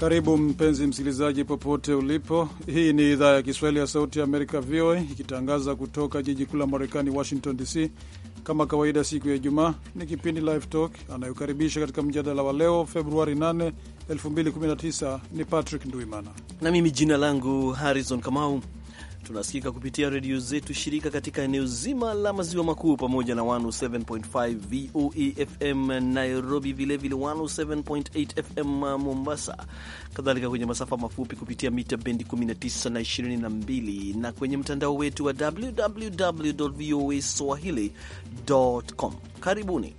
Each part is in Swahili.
Karibu mpenzi msikilizaji, popote ulipo. Hii ni idhaa ya Kiswahili ya Sauti ya Amerika, VOA, ikitangaza kutoka jiji kuu la Marekani, Washington DC. Kama kawaida, siku ya Ijumaa ni kipindi Live Talk. Anayokaribisha katika mjadala wa leo Februari 8, 2019 ni Patrick Nduimana na mimi jina langu Harrison Kamau. Tunasikika kupitia redio zetu shirika katika eneo zima la maziwa makuu pamoja na 107.5 VOA FM Nairobi, vilevile 107.8 FM Mombasa, kadhalika kwenye masafa mafupi kupitia mita bendi 19 na 22 na kwenye mtandao wetu wa www voa e swahili.com. Karibuni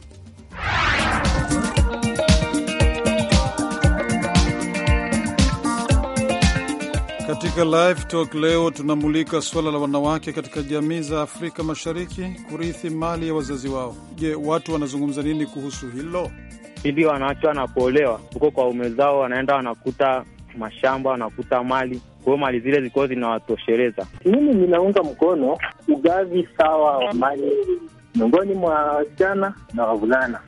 Katika live talk leo tunamulika suala la wanawake katika jamii za Afrika Mashariki kurithi mali ya wazazi wao. Je, watu wanazungumza nini kuhusu hilo? Hivi wanawake wanapoolewa huko kwa ume zao, wanaenda wanakuta mashamba, wanakuta mali kwa mali zile zilikuwa zinawatosheleza. Mimi ninaunga mkono ugavi sawa wa mali miongoni mwa wasichana na wavulana.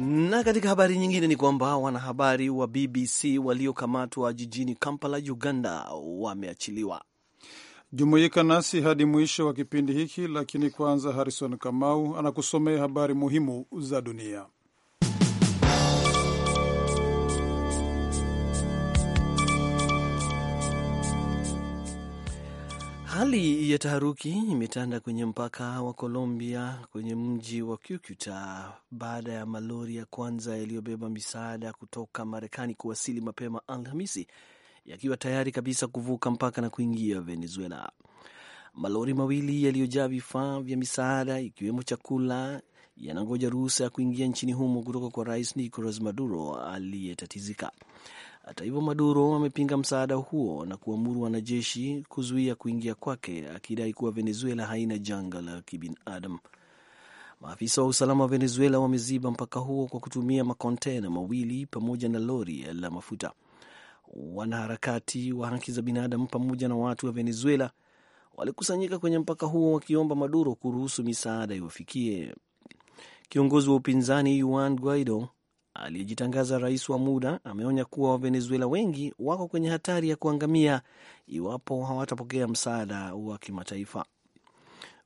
Na katika habari nyingine ni kwamba wanahabari wa BBC waliokamatwa jijini Kampala, Uganda, wameachiliwa. Jumuika nasi hadi mwisho wa kipindi hiki, lakini kwanza Harrison Kamau anakusomea habari muhimu za dunia. Hali ya taharuki imetanda kwenye mpaka wa Colombia kwenye mji wa Cucuta baada ya malori ya kwanza yaliyobeba misaada kutoka Marekani kuwasili mapema Alhamisi yakiwa tayari kabisa kuvuka mpaka na kuingia Venezuela. Malori mawili yaliyojaa vifaa vya misaada ikiwemo chakula yanangoja ruhusa ya kuingia nchini humo kutoka kwa Rais Nicolas Maduro aliyetatizika. Hata hivyo, Maduro amepinga msaada huo na kuamuru wanajeshi kuzuia kuingia kwake, akidai kuwa Venezuela haina janga la kibinadamu. Maafisa wa usalama wa Venezuela wameziba mpaka huo kwa kutumia makontena mawili pamoja na lori la mafuta. Wanaharakati wa haki za binadamu pamoja na watu wa Venezuela walikusanyika kwenye mpaka huo wakiomba Maduro kuruhusu misaada iwafikie. Kiongozi wa upinzani Juan Guaido aliyejitangaza rais wa muda ameonya kuwa Wavenezuela wengi wako kwenye hatari ya kuangamia iwapo hawatapokea msaada wa kimataifa.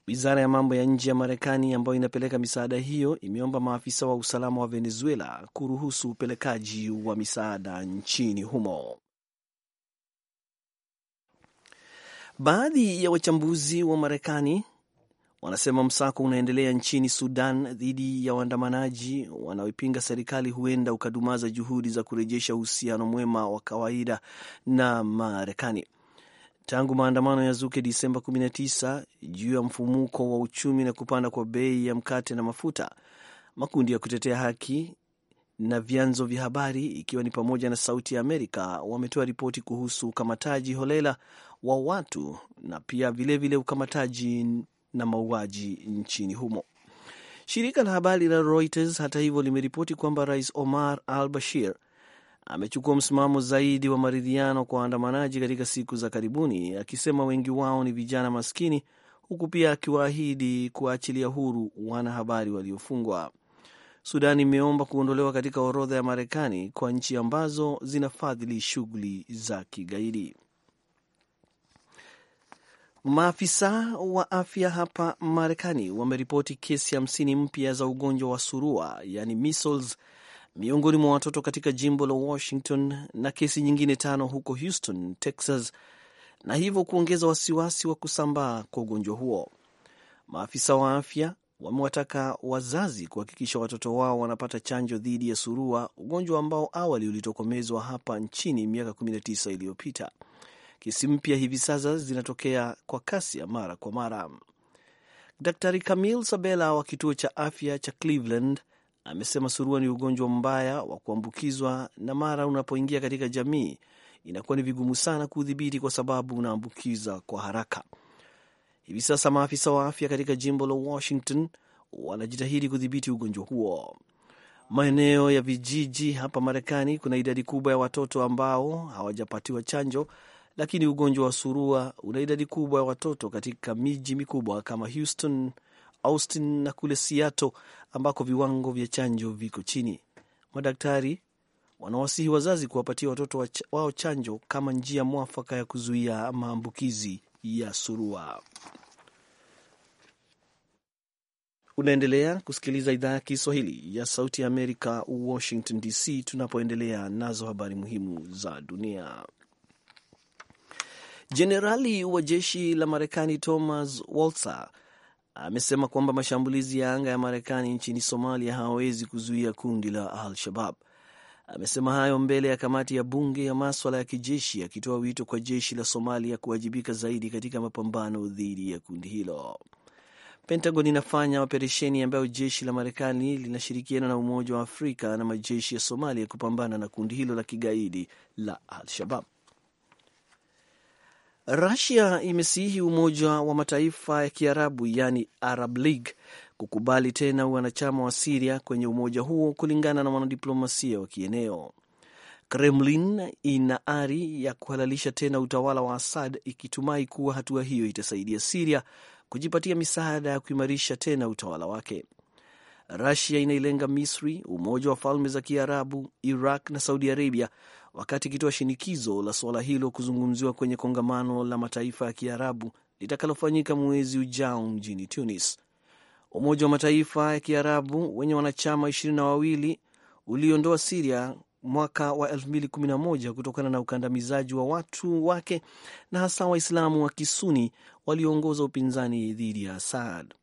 Wizara ya mambo ya nje ya Marekani ambayo inapeleka misaada hiyo imeomba maafisa wa usalama wa Venezuela kuruhusu upelekaji wa misaada nchini humo. Baadhi ya wachambuzi wa Marekani wanasema msako unaendelea nchini Sudan dhidi ya waandamanaji wanaoipinga serikali huenda ukadumaza juhudi za kurejesha uhusiano mwema wa kawaida na Marekani. Tangu maandamano ya zuke Disemba 19 juu ya mfumuko wa uchumi na kupanda kwa bei ya mkate na mafuta, makundi ya kutetea haki na vyanzo vya habari ikiwa ni pamoja na Sauti ya Amerika wametoa ripoti kuhusu ukamataji holela wa watu na pia vilevile vile ukamataji na mauaji nchini humo. Shirika la habari la Reuters hata hivyo limeripoti kwamba rais Omar al Bashir amechukua msimamo zaidi wa maridhiano kwa waandamanaji katika siku za karibuni, akisema wengi wao ni vijana maskini, huku pia akiwaahidi kuwaachilia huru wanahabari waliofungwa. Sudan imeomba kuondolewa katika orodha ya Marekani kwa nchi ambazo zinafadhili shughuli za kigaidi. Maafisa wa afya hapa Marekani wameripoti kesi hamsini mpya za ugonjwa wa surua, yani measles, miongoni mwa watoto katika jimbo la Washington na kesi nyingine tano huko Houston, Texas, na hivyo kuongeza wasiwasi wa kusambaa kwa ugonjwa huo. Maafisa wa afya wamewataka wazazi kuhakikisha watoto wao wanapata chanjo dhidi ya surua, ugonjwa ambao awali ulitokomezwa hapa nchini miaka 19 iliyopita. Kesi mpya hivi sasa zinatokea kwa kasi ya mara kwa mara. Daktari Camille Sabela wa kituo cha afya cha Cleveland amesema surua ni ugonjwa mbaya wa kuambukizwa na mara unapoingia katika jamii inakuwa ni vigumu sana kuudhibiti kwa sababu unaambukiza kwa haraka. Hivi sasa maafisa wa afya katika jimbo la Washington wanajitahidi kudhibiti ugonjwa huo. Maeneo ya vijiji hapa Marekani kuna idadi kubwa ya watoto ambao hawajapatiwa chanjo lakini ugonjwa wa surua una idadi kubwa ya watoto katika miji mikubwa kama Houston, Austin na kule Seattle ambako viwango vya chanjo viko chini. Madaktari wanawasihi wazazi kuwapatia watoto wao chanjo kama njia mwafaka ya kuzuia maambukizi ya surua. Unaendelea kusikiliza idhaa ya Kiswahili ya Sauti ya Amerika, Washington DC, tunapoendelea nazo habari muhimu za dunia. Jenerali wa jeshi la Marekani Thomas Waltzer amesema kwamba mashambulizi ya anga ya Marekani nchini Somalia hawawezi kuzuia kundi la Al-Shabab. Amesema hayo mbele ya kamati ya bunge ya maswala ya kijeshi, akitoa wito kwa jeshi la Somalia kuwajibika zaidi katika mapambano dhidi ya kundi hilo. Pentagon inafanya operesheni ambayo jeshi la Marekani linashirikiana na Umoja wa Afrika na majeshi ya Somalia kupambana na kundi hilo la kigaidi la Al-Shabab. Rusia imesihi Umoja wa Mataifa ya Kiarabu yani Arab League kukubali tena wanachama wa Siria kwenye umoja huo, kulingana na wanadiplomasia wa kieneo. Kremlin ina ari ya kuhalalisha tena utawala wa Assad ikitumai kuwa hatua hiyo itasaidia Siria kujipatia misaada ya kuimarisha tena utawala wake. Rusia inailenga Misri, Umoja wa Falme za Kiarabu, Iraq na Saudi Arabia wakati ikitoa shinikizo la suala hilo kuzungumziwa kwenye kongamano la mataifa ya Kiarabu litakalofanyika mwezi ujao mjini Tunis. Umoja wa Mataifa ya Kiarabu wenye wanachama ishirini na wawili uliondoa Siria mwaka wa 2011 kutokana na ukandamizaji wa watu wake na hasa Waislamu wa Kisuni walioongoza upinzani dhidi ya Assad.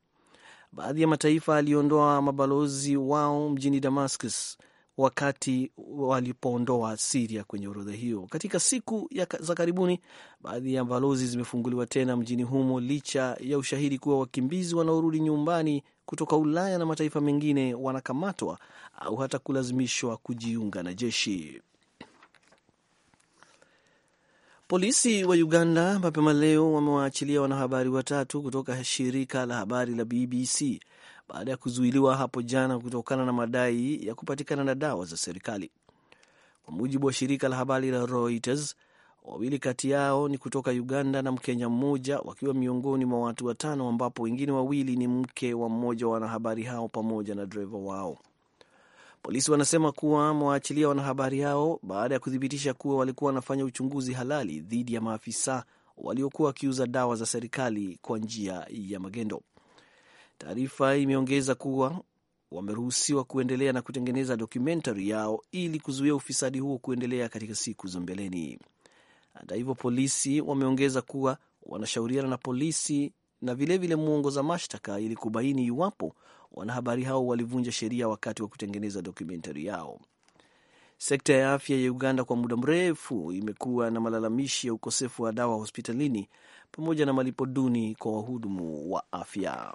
Baadhi ya mataifa aliondoa mabalozi wao mjini Damascus wakati walipoondoa Siria kwenye orodha hiyo. Katika siku za karibuni, baadhi ya balozi zimefunguliwa tena mjini humo licha ya ushahidi kuwa wakimbizi wanaorudi nyumbani kutoka Ulaya na mataifa mengine wanakamatwa au hata kulazimishwa kujiunga na jeshi. Polisi wa Uganda mapema leo wamewaachilia wanahabari watatu kutoka shirika la habari la BBC baada ya kuzuiliwa hapo jana kutokana na madai ya kupatikana na dawa za serikali. Kwa mujibu wa shirika la habari la Reuters, wawili kati yao ni kutoka Uganda na Mkenya mmoja wakiwa miongoni mwa watu watano, ambapo wengine wawili ni mke wa mmoja wa wanahabari hao pamoja na dreva wao. Polisi wanasema kuwa mwaachilia wanahabari hao baada ya kuthibitisha kuwa walikuwa wanafanya uchunguzi halali dhidi ya maafisa waliokuwa wakiuza dawa za serikali kwa njia ya magendo. Taarifa imeongeza kuwa wameruhusiwa kuendelea na kutengeneza dokumentari yao ili kuzuia ufisadi huo kuendelea katika siku za mbeleni. Hata hivyo, polisi wameongeza kuwa wanashauriana na polisi na vilevile mwongoza mashtaka ili kubaini iwapo wanahabari hao walivunja sheria wakati wa kutengeneza dokumentari yao. Sekta ya afya ya Uganda kwa muda mrefu imekuwa na malalamishi ya ukosefu wa dawa hospitalini pamoja na malipo duni kwa wahudumu wa afya.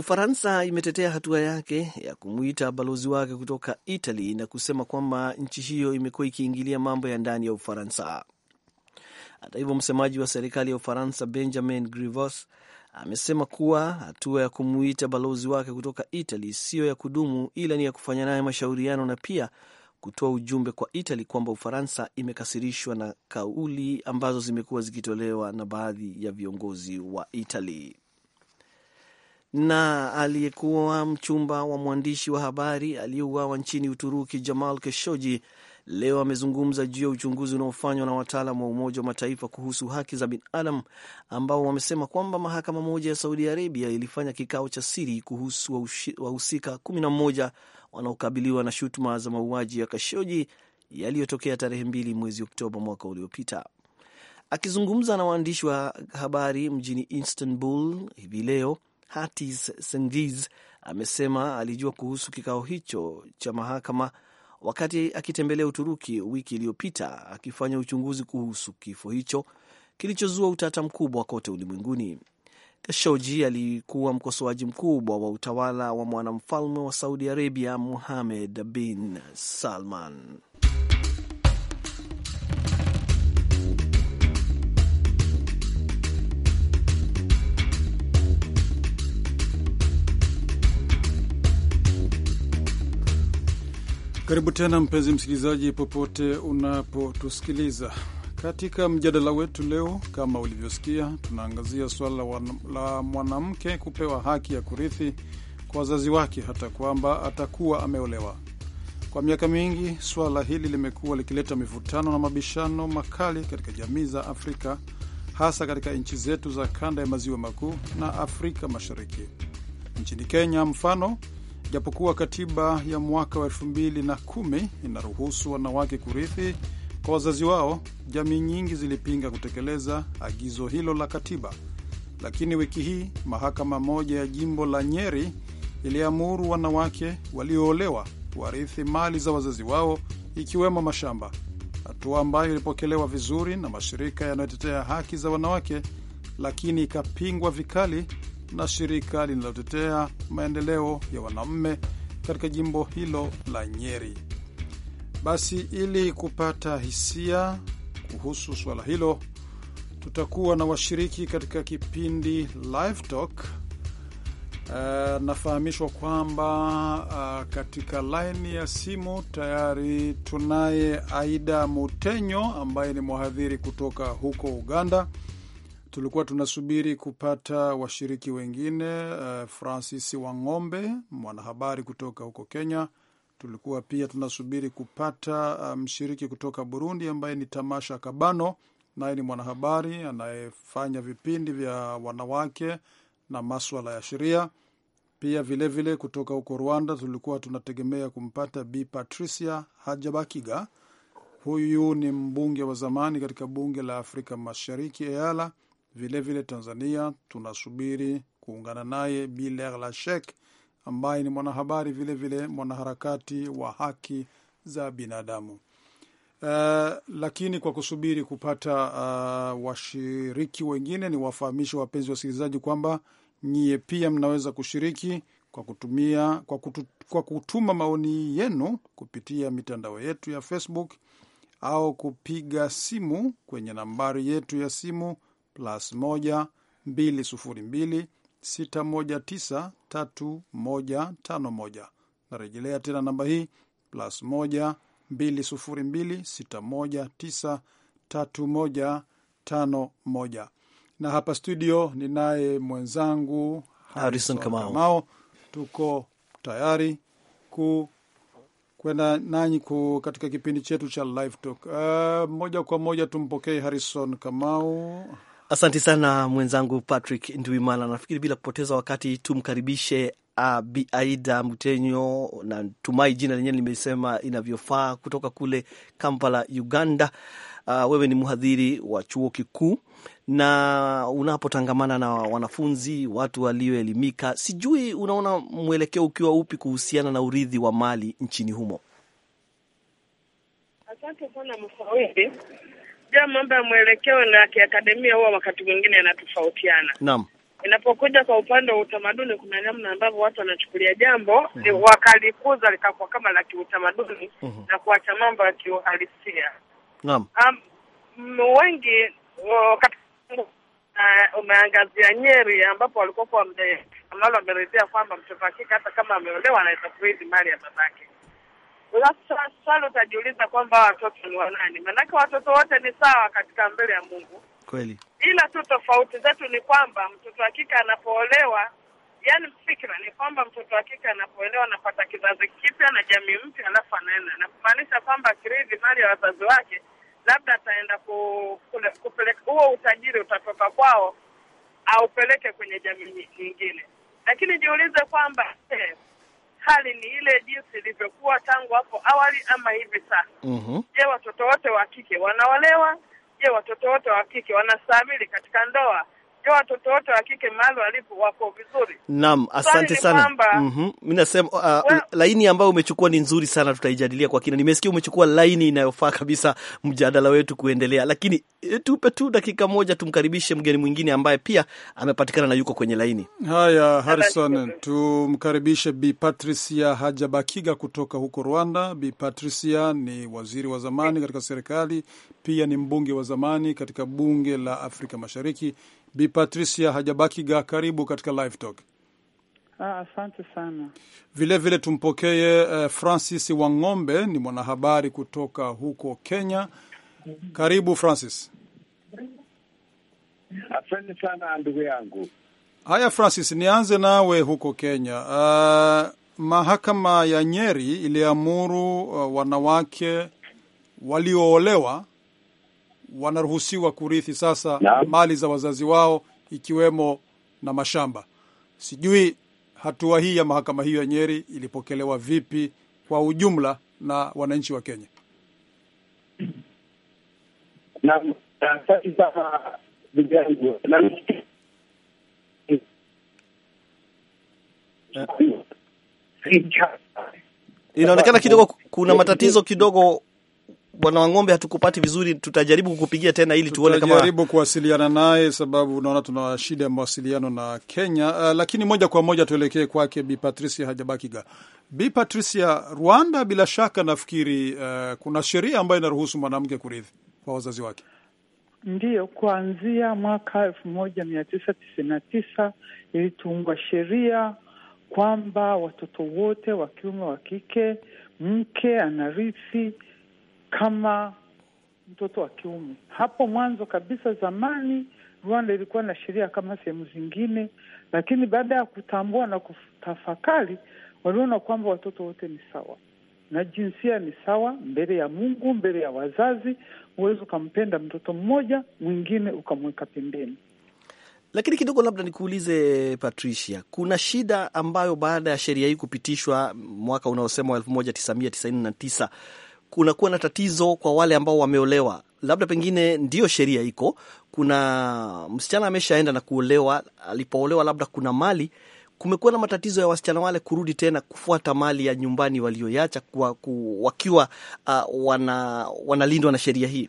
Ufaransa imetetea hatua yake ya kumwita balozi wake kutoka Italy na kusema kwamba nchi hiyo imekuwa ikiingilia mambo ya ndani ya Ufaransa. Hata hivyo, msemaji wa serikali ya Ufaransa Benjamin grivos amesema kuwa hatua ya kumuita balozi wake kutoka Italy siyo ya kudumu, ila ni ya kufanya naye mashauriano na pia kutoa ujumbe kwa Italy kwamba Ufaransa imekasirishwa na kauli ambazo zimekuwa zikitolewa na baadhi ya viongozi wa Italy na aliyekuwa mchumba wa mwandishi wa habari aliyeuawa nchini Uturuki Jamal keshoji leo amezungumza juu ya uchunguzi unaofanywa na wataalam wa Umoja wa Mataifa kuhusu haki za binadamu ambao wamesema kwamba mahakama moja ya Saudi Arabia ilifanya kikao cha siri kuhusu wahusika kumi na mmoja wanaokabiliwa na shutuma za mauaji ya Kashoji yaliyotokea tarehe mbili mwezi Oktoba mwaka uliopita. Akizungumza na waandishi wa habari mjini Istanbul hivi leo Hatis Sengiz amesema alijua kuhusu kikao hicho cha mahakama wakati akitembelea Uturuki wiki iliyopita akifanya uchunguzi kuhusu kifo hicho kilichozua utata mkubwa kote ulimwenguni. Kashoji alikuwa mkosoaji mkubwa wa utawala wa mwanamfalme wa Saudi Arabia muhamed bin Salman. Karibu tena mpenzi msikilizaji, popote unapotusikiliza katika mjadala wetu leo. Kama ulivyosikia, tunaangazia suala la mwanamke kupewa haki ya kurithi kwa wazazi wake hata kwamba atakuwa ameolewa. Kwa miaka mingi, suala hili limekuwa likileta mivutano na mabishano makali katika jamii za Afrika, hasa katika nchi zetu za kanda ya maziwa makuu na Afrika Mashariki. Nchini Kenya mfano Japokuwa katiba ya mwaka wa elfu mbili na kumi inaruhusu wanawake kurithi kwa wazazi wao, jamii nyingi zilipinga kutekeleza agizo hilo la katiba. Lakini wiki hii mahakama moja ya jimbo la Nyeri iliamuru wanawake walioolewa warithi mali za wazazi wao, ikiwemo mashamba, hatua ambayo ilipokelewa vizuri na mashirika yanayotetea haki za wanawake, lakini ikapingwa vikali na shirika linalotetea maendeleo ya wanaume katika jimbo hilo la Nyeri. Basi ili kupata hisia kuhusu suala hilo, tutakuwa na washiriki katika kipindi Live Talk. Uh, nafahamishwa kwamba uh, katika laini ya simu tayari tunaye Aida Mutenyo ambaye ni mhadhiri kutoka huko Uganda tulikuwa tunasubiri kupata washiriki wengine. Uh, Francis Wang'ombe, mwanahabari kutoka huko Kenya. Tulikuwa pia tunasubiri kupata eh, mshiriki um, kutoka Burundi ambaye ni Tamasha Kabano, naye ni mwanahabari anayefanya vipindi vya wanawake na maswala ya sheria. Pia vilevile vile kutoka huko Rwanda tulikuwa tunategemea kumpata Bi Patricia Hajabakiga. Huyu ni mbunge wa zamani katika bunge la Afrika Mashariki EALA Vilevile vile Tanzania tunasubiri kuungana naye Bilal Lashek ambaye ni mwanahabari vilevile vile mwanaharakati wa haki za binadamu. Uh, lakini kwa kusubiri kupata uh, washiriki wengine, ni wafahamishe wapenzi wasikilizaji kwamba nyie pia mnaweza kushiriki kwa kutumia kwa, kutu, kwa kutuma maoni yenu kupitia mitandao yetu ya Facebook au kupiga simu kwenye nambari yetu ya simu plus 1 202 619 3151. Narejelea tena namba hii plus 1 Na hapa studio ninaye mwenzangu Harrison tuko tayari ku kwenda nanyi katika kipindi chetu cha Live Talk. Uh, moja kwa moja tumpokee Harrison Kamau. Asante sana mwenzangu Patrick nduimana Nafikiri bila kupoteza wakati tumkaribishe uh, Bi Aida Mutenyo, na tumai jina lenyewe limesema inavyofaa, kutoka kule Kampala, Uganda. Uh, wewe ni mhadhiri wa chuo kikuu na unapotangamana na wanafunzi, watu walioelimika, sijui unaona mwelekeo ukiwa upi kuhusiana na urithi wa mali nchini humo? Asante sana unajua mambo ya mwelekeo na kiakademia huwa wakati mwingine yanatofautiana. Naam. Inapokuja kwa upande wa utamaduni, kuna namna ambavyo watu wanachukulia jambo mm -hmm. wakalikuza likakuwa kama la kiutamaduni mm -hmm. na kuacha mambo ya kiuhalisia. Naam. Um, wengi umeangazia Nyeri ambapo walikuwa kwa ambalo wameridhia kwamba mtoto wa kike hata kama ameolewa anaweza kurithi mali ya babake. Sasa swali utajiuliza kwamba watoto ni wanani? Maanake watoto wote ni sawa katika mbele ya Mungu kweli, ila tu tofauti zetu ni kwamba mtoto wa kike anapoolewa, yani fikra ni kwamba mtoto wa kike anapoolewa anapata kizazi kipya na jamii mpya, alafu anaenda na kumaanisha kwamba akirithi mali ya wazazi wake, labda ataenda kupeleka huo utajiri utatoka kwao aupeleke kwenye jamii nyingine, lakini jiulize kwamba eh, hali ni ile jinsi ilivyokuwa tangu hapo awali ama hivi sasa? mm -hmm. Je, watoto wote wa kike wanaolewa? Je, watoto wote wa kike wanastahimili katika ndoa? ndio watoto wote wa kike mahali walipo wako vizuri. Naam, asante sana. mm -hmm. Mimi nasema uh, well, laini ambayo umechukua ni nzuri sana, tutaijadilia kwa kina. Nimesikia umechukua laini inayofaa kabisa mjadala wetu kuendelea, lakini eh, tupe tu dakika moja tumkaribishe mgeni mwingine ambaye pia amepatikana na yuko kwenye laini. Haya, Harrison, tumkaribishe Bi Patricia Hajabakiga kutoka huko Rwanda. Bi Patricia ni waziri wa zamani katika serikali, pia ni mbunge wa zamani katika bunge la Afrika Mashariki. Bi Patricia Hajabakiga, karibu katika live talk. Ah, asante sana. Vile vile tumpokee uh, eh, Francis Wang'ombe, ni mwanahabari kutoka huko Kenya. Karibu Francis. Asante sana ndugu yangu. Haya Francis, nianze nawe huko Kenya. Uh, mahakama ya Nyeri iliamuru uh, wanawake walioolewa wanaruhusiwa kurithi sasa na mali za wazazi wao ikiwemo na mashamba. Sijui hatua hii ya mahakama hiyo ya Nyeri ilipokelewa vipi kwa ujumla na wananchi wa Kenya? inaonekana kidogo kuna matatizo kidogo Bwana Wang'ombe, hatukupati vizuri, tutajaribu kukupigia tena ili tuone kama tutajaribu kuwasiliana naye, sababu unaona tuna shida ya mawasiliano na Kenya. Uh, lakini moja kwa moja tuelekee kwake Bi Patricia Hajabakiga. Bi Patricia, Rwanda bila shaka nafikiri uh, kuna sheria ambayo inaruhusu mwanamke kurithi kwa wazazi wake. Ndiyo, kuanzia mwaka elfu moja mia tisa tisini na tisa ilitungwa sheria kwamba watoto wote wa kiume wa kike, mke anarithi kama mtoto wa kiume. Hapo mwanzo kabisa, zamani Rwanda ilikuwa na sheria kama sehemu zingine, lakini baada ya kutambua na kutafakari, waliona kwamba watoto wote ni sawa na jinsia ni sawa mbele ya Mungu, mbele ya wazazi. Huwezi ukampenda mtoto mmoja mwingine ukamweka pembeni. Lakini kidogo labda nikuulize Patricia, kuna shida ambayo baada ya sheria hii kupitishwa mwaka unaosema wa elfu moja tisamia tisaini na tisa kunakuwa na tatizo kwa wale ambao wameolewa, labda pengine ndiyo sheria iko, kuna msichana ameshaenda na kuolewa, alipoolewa labda kuna mali kumekuwa na matatizo ya wasichana wale kurudi tena kufuata mali ya nyumbani walioiacha wakiwa uh, wana, wanalindwa na sheria hii.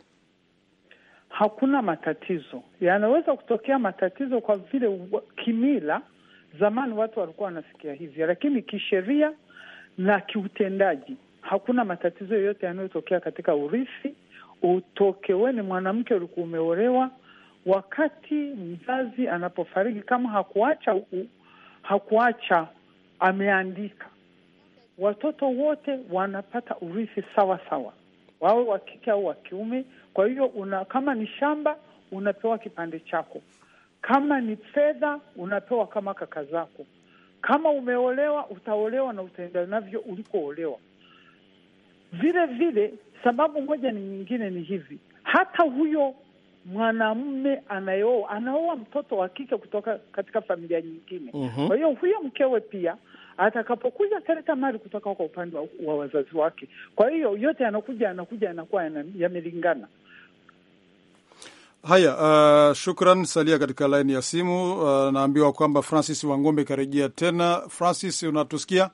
Hakuna matatizo yanaweza kutokea matatizo kwa vile kimila, zamani watu walikuwa wanasikia hivyo, lakini kisheria na kiutendaji hakuna matatizo yoyote yanayotokea katika urithi. Utokewe ni mwanamke ulikuwa umeolewa, wakati mzazi anapofariki, kama hakuacha u, hakuacha ameandika, watoto wote wanapata urithi sawa sawa, wawe wa kike au wa kiume. Kwa hiyo una, kama ni shamba unapewa kipande chako, kama ni fedha unapewa kama kaka zako. Kama umeolewa utaolewa na utaenda navyo ulikoolewa. Vile vile sababu moja ni nyingine ni hivi, hata huyo mwanamume anayeoa anaoa mtoto wa kike kutoka katika familia nyingine. Mhm. Kwa hiyo huyo mkewe pia atakapokuja ataleta mali kutoka kwa upande wa, wazazi wake. Kwa hiyo yote yanakuja yanakuja yanakuwa yamelingana. Haya, uh, shukran. Salia katika laini ya simu. Uh, naambiwa kwamba Francis Wangombe karejea tena. Francis, unatusikia?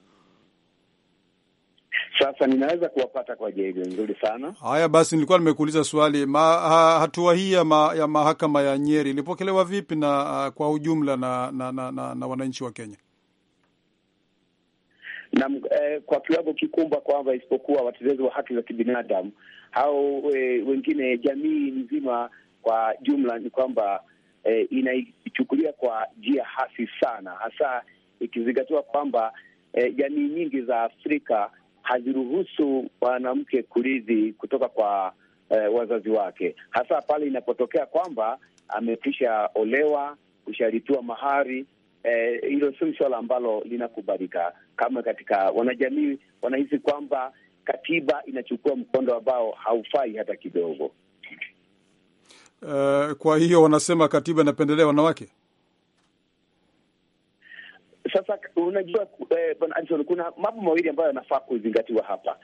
Sasa ninaweza kuwapata kwa jaibu nzuri sana. Haya basi, nilikuwa nimekuuliza swali ma, ha, hatua hii ma, ya mahakama ya Nyeri ilipokelewa vipi na uh, kwa ujumla na, na, na, na, na wananchi wa Kenya? Na, eh, kwa kiwango kikubwa kwamba isipokuwa watetezi wa haki za kibinadamu au eh, wengine jamii nzima kwa jumla ni kwamba eh, inaichukulia kwa njia hasi sana, hasa ikizingatiwa kwamba eh, jamii nyingi za Afrika haziruhusu mwanamke kurithi kutoka kwa eh, wazazi wake, hasa pale inapotokea kwamba amekwisha olewa, kushalipiwa mahari. Eh, hilo eh, sio swala ambalo linakubalika kama katika wanajamii. Wanahisi kwamba katiba inachukua mkondo ambao haufai hata kidogo. Uh, kwa hiyo wanasema katiba inapendelea wanawake. Sasa unajua eh, bwana Alison, kuna mambo mawili ambayo yanafaa kuzingatiwa hapa,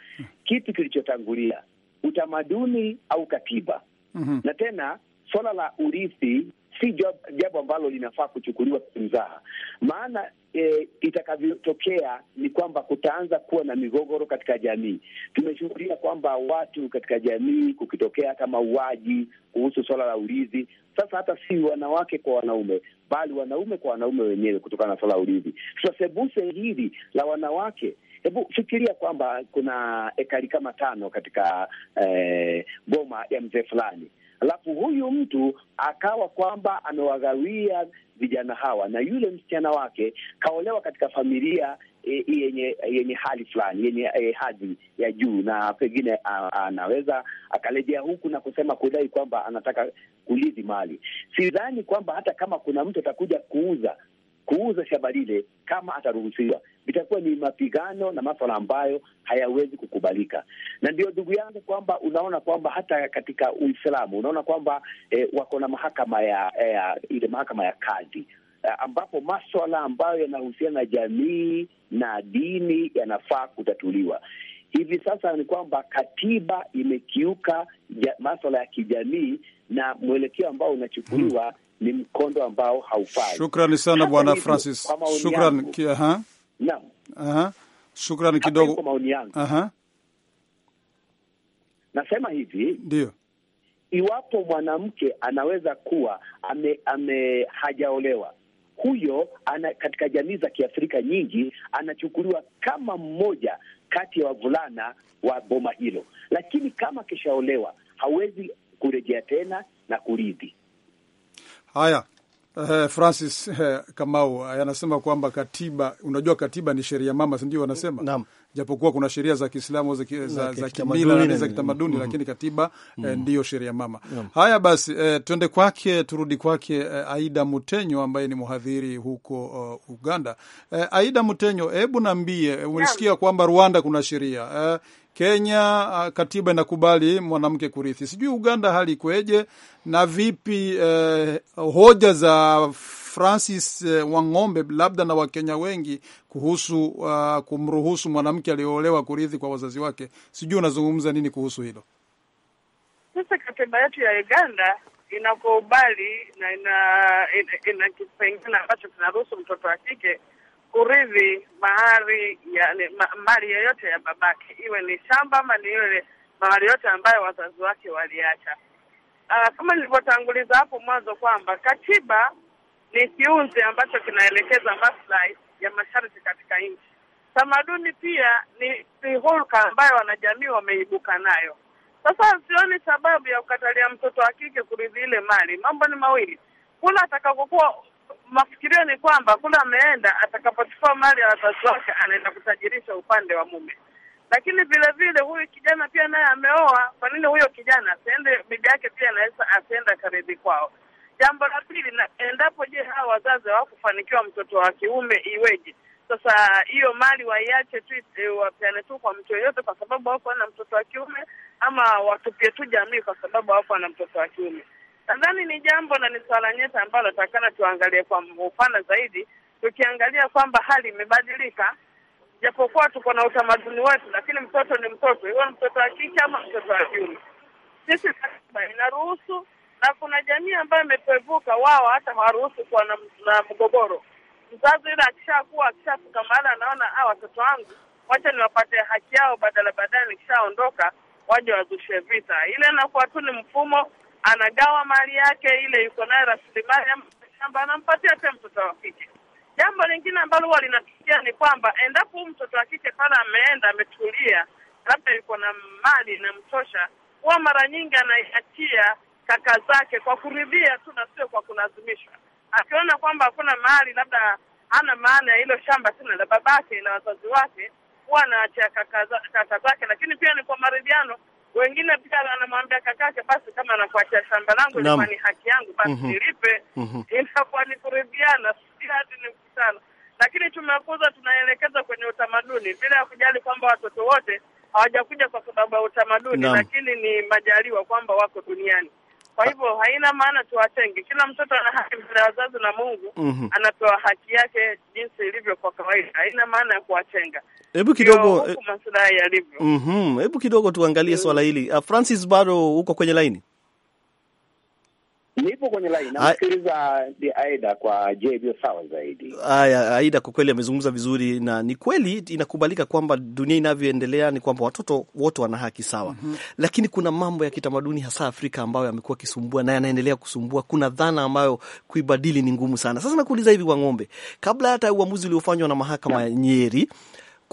kitu kilichotangulia utamaduni au katiba. mm -hmm. na tena suala la urithi si jambo ambalo linafaa kuchukuliwa kimzaha, maana e, itakavyotokea ni kwamba kutaanza kuwa na migogoro katika jamii. Tumeshuhudia kwamba watu katika jamii kukitokea hata mauaji kuhusu swala la ulizi, sasa hata si wanawake kwa wanaume, bali wanaume kwa wanaume wenyewe kutokana na swala la ulizi. Sasa sebuse hili la wanawake Hebu fikiria kwamba kuna ekari kama tano katika eh, boma ya mzee fulani alafu huyu mtu akawa kwamba amewagawia vijana hawa, na yule msichana wake kaolewa katika familia e, yenye yenye hali fulani yenye e, hadhi ya juu, na pengine anaweza akarejea huku na kusema kudai kwamba anataka kulizi mali. Sidhani kwamba hata kama kuna mtu atakuja kuuza kuuza shamba lile kama ataruhusiwa, vitakuwa ni mapigano na maswala ambayo hayawezi kukubalika. Na ndio ndugu yangu kwamba unaona kwamba hata katika Uislamu unaona kwamba eh, wako na mahakama ya eh, ile mahakama ya kadhi eh, ambapo maswala ambayo yanahusiana na jamii na dini yanafaa kutatuliwa. Hivi sasa ni kwamba katiba imekiuka maswala ya kijamii na mwelekeo ambao unachukuliwa ni mkondo ambao haufai. Shukrani sana Bwana Francis, shukran. Naam, aha, shukran kidogo. Kwa maoni yangu, aha, nasema hivi ndio iwapo mwanamke anaweza kuwa ame, ame hajaolewa huyo ana, katika jamii za Kiafrika nyingi anachukuliwa kama mmoja kati ya wavulana wa boma hilo, lakini kama akishaolewa hawezi kurejea tena na kuridhi. Haya, uh, Francis uh, Kamau eh, anasema kwamba katiba, unajua katiba ni sheria mama, sindio? Wanasema naam, japokuwa kuna sheria za Kiislamu za, za, za kimila na za kitamaduni, mm-hmm. lakini katiba mm, eh, mm-hmm. ndiyo sheria mama mm. Haya basi, eh, tuende kwake, turudi kwake eh, Aida Mutenyo ambaye ni mhadhiri huko uh, Uganda. Eh, Aida Mutenyo, hebu eh, naambie, umesikia kwamba Rwanda kuna sheria eh, Kenya katiba inakubali mwanamke kurithi, sijui Uganda hali ikweje na vipi? Eh, hoja za Francis eh, Wang'ombe labda na Wakenya wengi kuhusu uh, kumruhusu mwanamke aliyoolewa kurithi kwa wazazi wake, sijui unazungumza nini kuhusu hilo? Sasa katiba yetu ya Uganda inakubali na ina, ina, ina kipengele ambacho kinaruhusu mtoto wa kike kurithi mahari ya mali yoyote ya babake, iwe ni shamba ama ni ile mahari yote ambayo wazazi wake waliacha. Uh, kama nilivyotanguliza hapo mwanzo kwamba katiba ni kiunzi ambacho kinaelekeza maslahi ya masharti katika nchi. Tamaduni pia ni, ni hulka ambayo wanajamii wameibuka nayo. Sasa sioni sababu ya kukatalia mtoto wa kike kurithi ile mali. Mambo ni mawili, kuna atakapokuwa mafikirio ni kwamba kule ameenda, atakapochukua mali ya wazazi wake anaenda kutajirisha upande wa mume. Lakini vile vile huyu kijana pia naye ameoa, kwa nini huyo kijana asiende, bibi yake pia anaweza asiende karibi kwao? Jambo la pili, na endapo je, hawa wazazi hawakufanikiwa mtoto wa kiume iweje? Sasa hiyo mali waiache tu, e, wapeane tu kwa mtu yoyote, kwa sababu hawakuwa na mtoto wa kiume, ama watupie tu jamii kwa sababu hawakuwa na mtoto wa kiume. Nadhani ni jambo na ni swala nyeta ambalo takana tuangalie kwa upana zaidi, tukiangalia kwamba hali imebadilika, japokuwa tuko na utamaduni wetu, lakini mtoto ni mtoto, iwe mtoto wa kike ama mtoto wa kiume. Sisi katiba inaruhusu, na kuna jamii ambayo imepevuka, wao hata hawaruhusu kuwa na, na mgogoro. Mzazi yule akishakuwa akishafika mahali anaona ah, watoto wangu wacha niwapate haki yao, badala baadaye nikishaondoka waje wazushe vita. Ile inakuwa tu ni mfumo anagawa mali yake ile yuko nayo, rasilimali shamba, anampatia pia mtoto wa kike. Jambo lingine ambalo huwa linatukia ni kwamba endapo huu mtoto wa kike pale ameenda ametulia, labda yuko na mali inamtosha, huwa mara nyingi anaiachia kaka zake kwa kuridhia tu na sio kwa kulazimishwa, akiona kwamba hakuna mahali labda hana maana ya hilo shamba tena la babake na wazazi wake, huwa anaachia kaka zake, lakini pia ni kwa maridhiano wengine pia anamwambia kakake, basi kama anakuachia shamba langu ilikuwa ni haki yangu, basi mhm. nilipe. mm -hmm. Inakuwa ni kuridhiana, si hadi ni mkutano, lakini tumekuza tunaelekeza kwenye utamaduni bila ya kujali kwamba watoto wote hawajakuja kwa sababu ya utamaduni, lakini ni majaliwa kwamba wako duniani. Kwa hivyo haina maana tuwatenge, kila mtoto ana haki mbele ya wazazi na Mungu mm -hmm. anapewa haki yake jinsi ilivyo kwa kawaida, haina maana ya kuwatenga. Hebu kidogo, eh, masilahi yalivyo. Mhm. Hebu kidogo tuangalie mm. swala hili. Uh, Francis, bado uko kwenye laini? Nipo kwenye line namsikiliza Aida kwa jevyo sawa zaidi. aya Aida kwa kweli amezungumza vizuri, na ni kweli inakubalika kwamba dunia inavyoendelea ni kwamba watoto wote wana haki sawa. mm -hmm. Lakini kuna mambo ya kitamaduni hasa Afrika ambayo yamekuwa kisumbua na yanaendelea kusumbua. Kuna dhana ambayo kuibadili ni ngumu sana. Sasa nakuuliza hivi, kwa ng'ombe, kabla hata uamuzi uliofanywa na mahakama ya Nyeri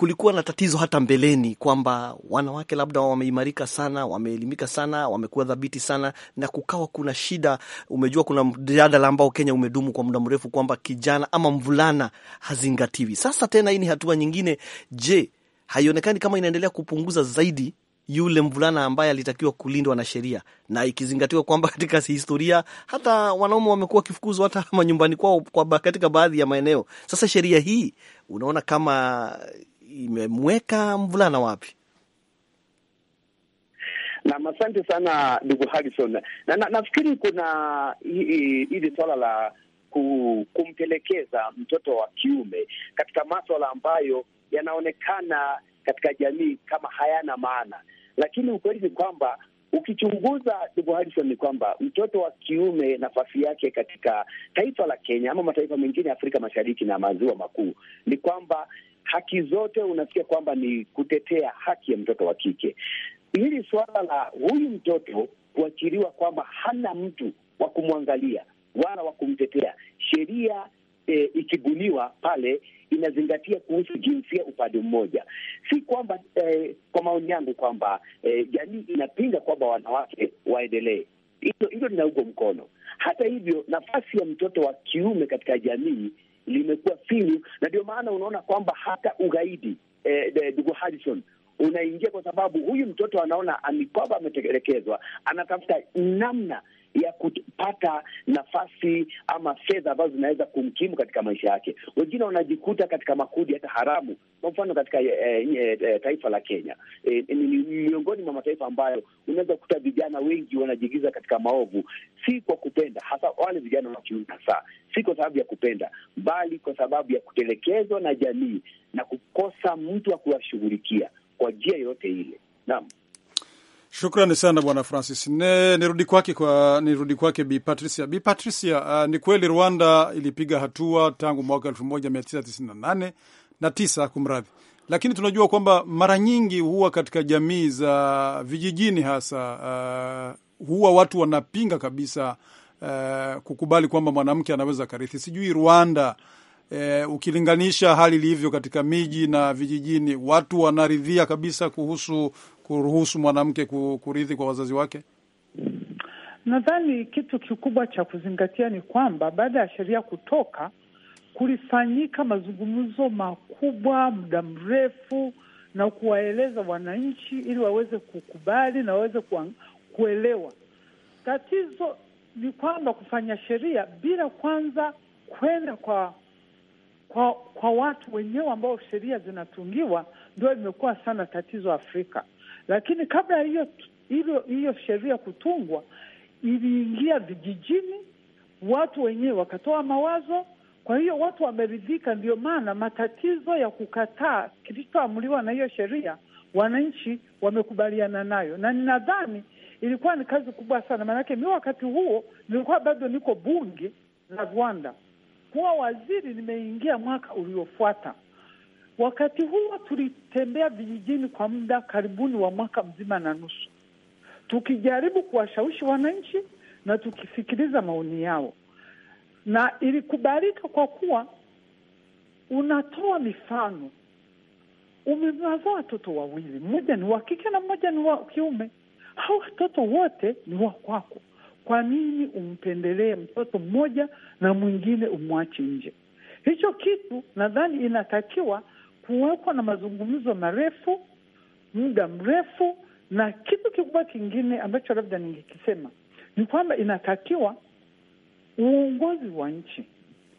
kulikuwa na tatizo hata mbeleni kwamba wanawake labda wameimarika sana, wameelimika sana, wamekuwa dhabiti sana, na kukawa kuna shida. Umejua, kuna mjadala ambao Kenya umedumu kwa muda mrefu kwamba kijana ama mvulana hazingatiwi. Sasa tena hii ni hatua nyingine. Je, haionekani kama inaendelea kupunguza zaidi yule mvulana ambaye alitakiwa kulindwa na sheria, na ikizingatiwa kwamba katika historia hata wanaume wamekuwa wakifukuzwa hata manyumbani kwao kwa katika baadhi ya maeneo. Sasa sheria hii unaona kama imemweka mvulana wapi? na asante sana ndugu Harrison, na nafikiri na kuna hili swala la kumtelekeza mtoto wa kiume katika maswala ambayo yanaonekana katika jamii kama hayana maana, lakini ukweli ni kwamba ukichunguza ndugu Harrison, ni kwamba mtoto wa kiume nafasi yake katika taifa la Kenya ama mataifa mengine ya Afrika Mashariki na Maziwa Makuu ni kwamba haki zote unasikia kwamba ni kutetea haki ya mtoto wa kike. Hili suala la huyu mtoto kuachiliwa kwamba hana mtu wa kumwangalia wala wa kumtetea, sheria e, eh, ikibuniwa pale inazingatia kuhusu jinsia upande mmoja, si kwamba e, kwa maoni yangu kwamba e, jamii inapinga kwamba wanawake waendelee, hilo hilo mkono. Hata hivyo, nafasi ya mtoto wa kiume katika jamii limekuwa finyu, na ndio maana unaona kwamba hata ugaidi eh, ndugu eh, Harrison unaingia kwa sababu huyu mtoto anaona mikoba ametelekezwa, anatafuta namna ya kupata nafasi ama fedha ambazo zinaweza kumkimu katika maisha yake. Wengine wanajikuta katika makundi hata haramu. Kwa mfano katika e, e, taifa la Kenya e, e, ni miongoni mwa mataifa ambayo unaweza kukuta vijana wengi wanajiingiza katika maovu, si kwa kupenda, hasa wale vijana wa kiume, hasa si kwa sababu ya kupenda, bali kwa sababu ya kutelekezwa na jamii na kukosa mtu wa kuwashughulikia kwa njia yoyote ile. Naam. Shukrani sana bwana Francis. Ne, nirudi kwake kwa, nirudi kwake bi Patricia. Bi Patricia, uh, ni kweli Rwanda ilipiga hatua tangu mwaka elfu moja mia tisa 1998 na tisa kumradhi, lakini tunajua kwamba mara nyingi huwa katika jamii za vijijini hasa uh, huwa watu wanapinga kabisa uh, kukubali kwamba mwanamke anaweza karithi. Sijui Rwanda uh, ukilinganisha hali ilivyo katika miji na vijijini, watu wanaridhia kabisa kuhusu kuruhusu mwanamke kurithi kwa wazazi wake? Nadhani kitu kikubwa cha kuzingatia ni kwamba baada ya sheria kutoka kulifanyika mazungumzo makubwa, muda mrefu, na kuwaeleza wananchi ili waweze kukubali na waweze kuelewa. Tatizo ni kwamba kufanya sheria bila kwanza kwenda kwa kwa kwa watu wenyewe ambao sheria zinatungiwa, ndio limekuwa sana tatizo Afrika. Lakini kabla hiyo hiyo hiyo sheria kutungwa, iliingia vijijini, watu wenyewe wakatoa mawazo. Kwa hiyo watu wameridhika, ndio maana matatizo ya kukataa kilichoamuliwa na hiyo sheria wananchi wamekubaliana nayo, na ninadhani ilikuwa ni kazi kubwa sana, maanake mi wakati huo nilikuwa bado niko bunge la Rwanda. Kuwa waziri nimeingia mwaka uliofuata. Wakati huo tulitembea vijijini kwa muda karibuni wa mwaka mzima na nusu, tukijaribu kuwashawishi wananchi na tukisikiliza maoni yao, na ilikubalika kwa kuwa unatoa mifano. Umewazaa watoto wawili, mmoja ni wa kike na mmoja ni wa kiume. Hao watoto wote ni wa kwako. Kwa nini umpendelee mtoto mmoja na mwingine umwache nje? Hicho kitu nadhani inatakiwa kuwekwa na mazungumzo marefu, muda mrefu. Na kitu kikubwa kingine ambacho labda ningekisema ni kwamba inatakiwa uongozi wa nchi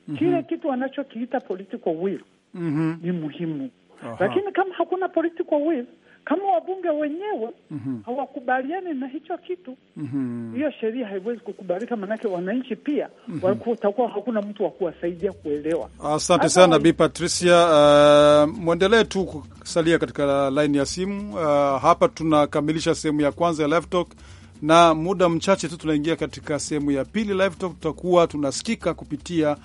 mm -hmm. kile kitu wanachokiita political will mm -hmm. ni muhimu Aha. Lakini kama hakuna political will kama wabunge wenyewe mm -hmm. hawakubaliani na hicho kitu mm -hmm. hiyo sheria haiwezi kukubalika, maanake wananchi pia mm -hmm. watakuwa hakuna mtu wa kuwasaidia kuelewa. Asante sana Bi Patricia. Uh, mwendelee tu kusalia katika laini ya simu. Uh, hapa tunakamilisha sehemu ya kwanza ya Live Talk na muda mchache tu tunaingia katika sehemu ya pili Live Talk. Tutakuwa tunasikika kupitia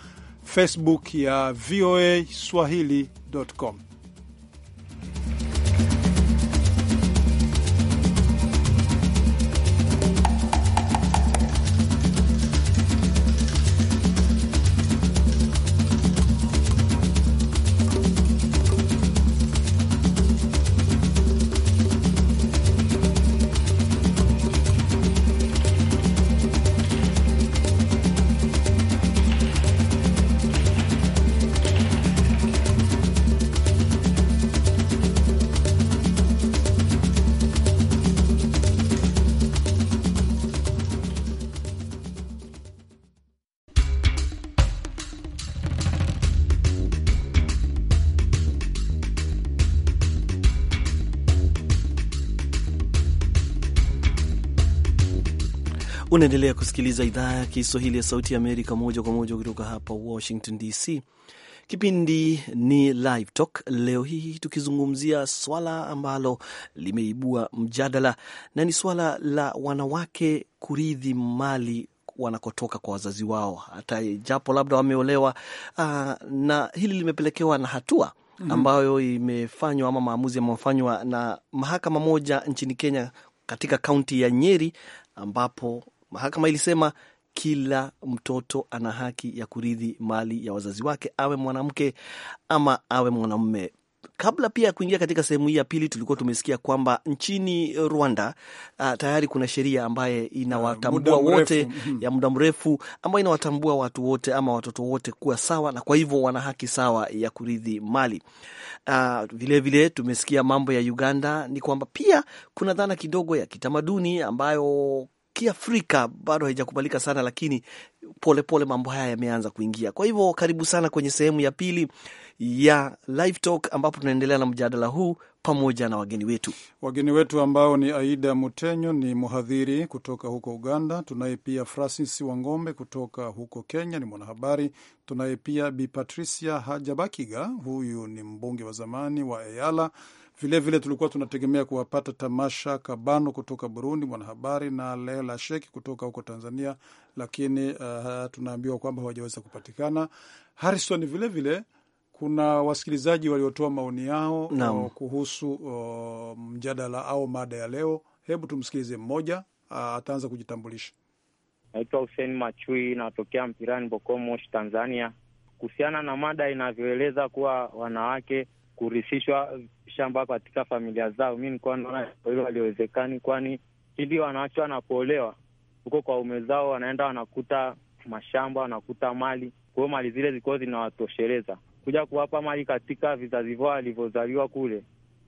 Facebook ya VOA Swahili.com. Unaendelea kusikiliza idhaa ya Kiswahili ya Sauti ya Amerika moja kwa moja kutoka hapa Washington DC. Kipindi ni Live Talk, leo hii tukizungumzia swala ambalo limeibua mjadala na ni swala la wanawake kurithi mali wanakotoka kwa wazazi wao, hata japo labda wameolewa. Ah, na hili limepelekewa na hatua mhm. ambayo imefanywa ama maamuzi yamefanywa na mahakama moja nchini Kenya katika kaunti ya Nyeri ambapo Mahakama ilisema kila mtoto ana haki ya kurithi mali ya wazazi wake, awe mwanamke ama awe mwanamume. Kabla pia ya kuingia katika sehemu hii ya pili, tulikuwa tumesikia kwamba nchini Rwanda uh, tayari kuna sheria ambaye inawatambua ah, wote ya muda mrefu ambayo inawatambua watu wote ama watoto wote kuwa sawa, na kwa hivyo wana haki sawa ya kurithi mali vilevile. Ah, uh, vile, tumesikia mambo ya Uganda ni kwamba pia kuna dhana kidogo ya kitamaduni ambayo Kiafrika bado haijakubalika sana, lakini polepole pole mambo haya yameanza kuingia. Kwa hivyo karibu sana kwenye sehemu ya pili ya Live Talk ambapo tunaendelea na mjadala huu pamoja na wageni wetu. Wageni wetu ambao ni Aida Mutenyo, ni mhadhiri kutoka huko Uganda. Tunaye pia Francis Wangombe kutoka huko Kenya, ni mwanahabari. Tunaye pia Bi Patricia Hajabakiga, huyu ni mbunge wa zamani wa Eyala Vilevile tulikuwa tunategemea kuwapata Tamasha Kabano kutoka Burundi, mwanahabari na Leila Sheki kutoka huko Tanzania, lakini uh, tunaambiwa kwamba hawajaweza kupatikana. Harrison, vilevile kuna wasikilizaji waliotoa maoni yao uh, no. kuhusu uh, mjadala au mada ya leo. Hebu tumsikilize mmoja, uh, ataanza kujitambulisha. Naitwa Hussein Machui, natokea Mpirani, Bokomoshi, Tanzania. Kuhusiana na mada inavyoeleza kuwa wanawake kurithishwa shamba katika familia zao. Mi nikuwa naona hilo haliwezekani, kwani pindi wanawake wanapoolewa huko kwa ume zao wanaenda wanakuta mashamba, wanakuta mali, kwa hiyo mali zile zilikuwa zinawatosheleza kuja kuwapa mali katika vizazi vyao walivyozaliwa kule.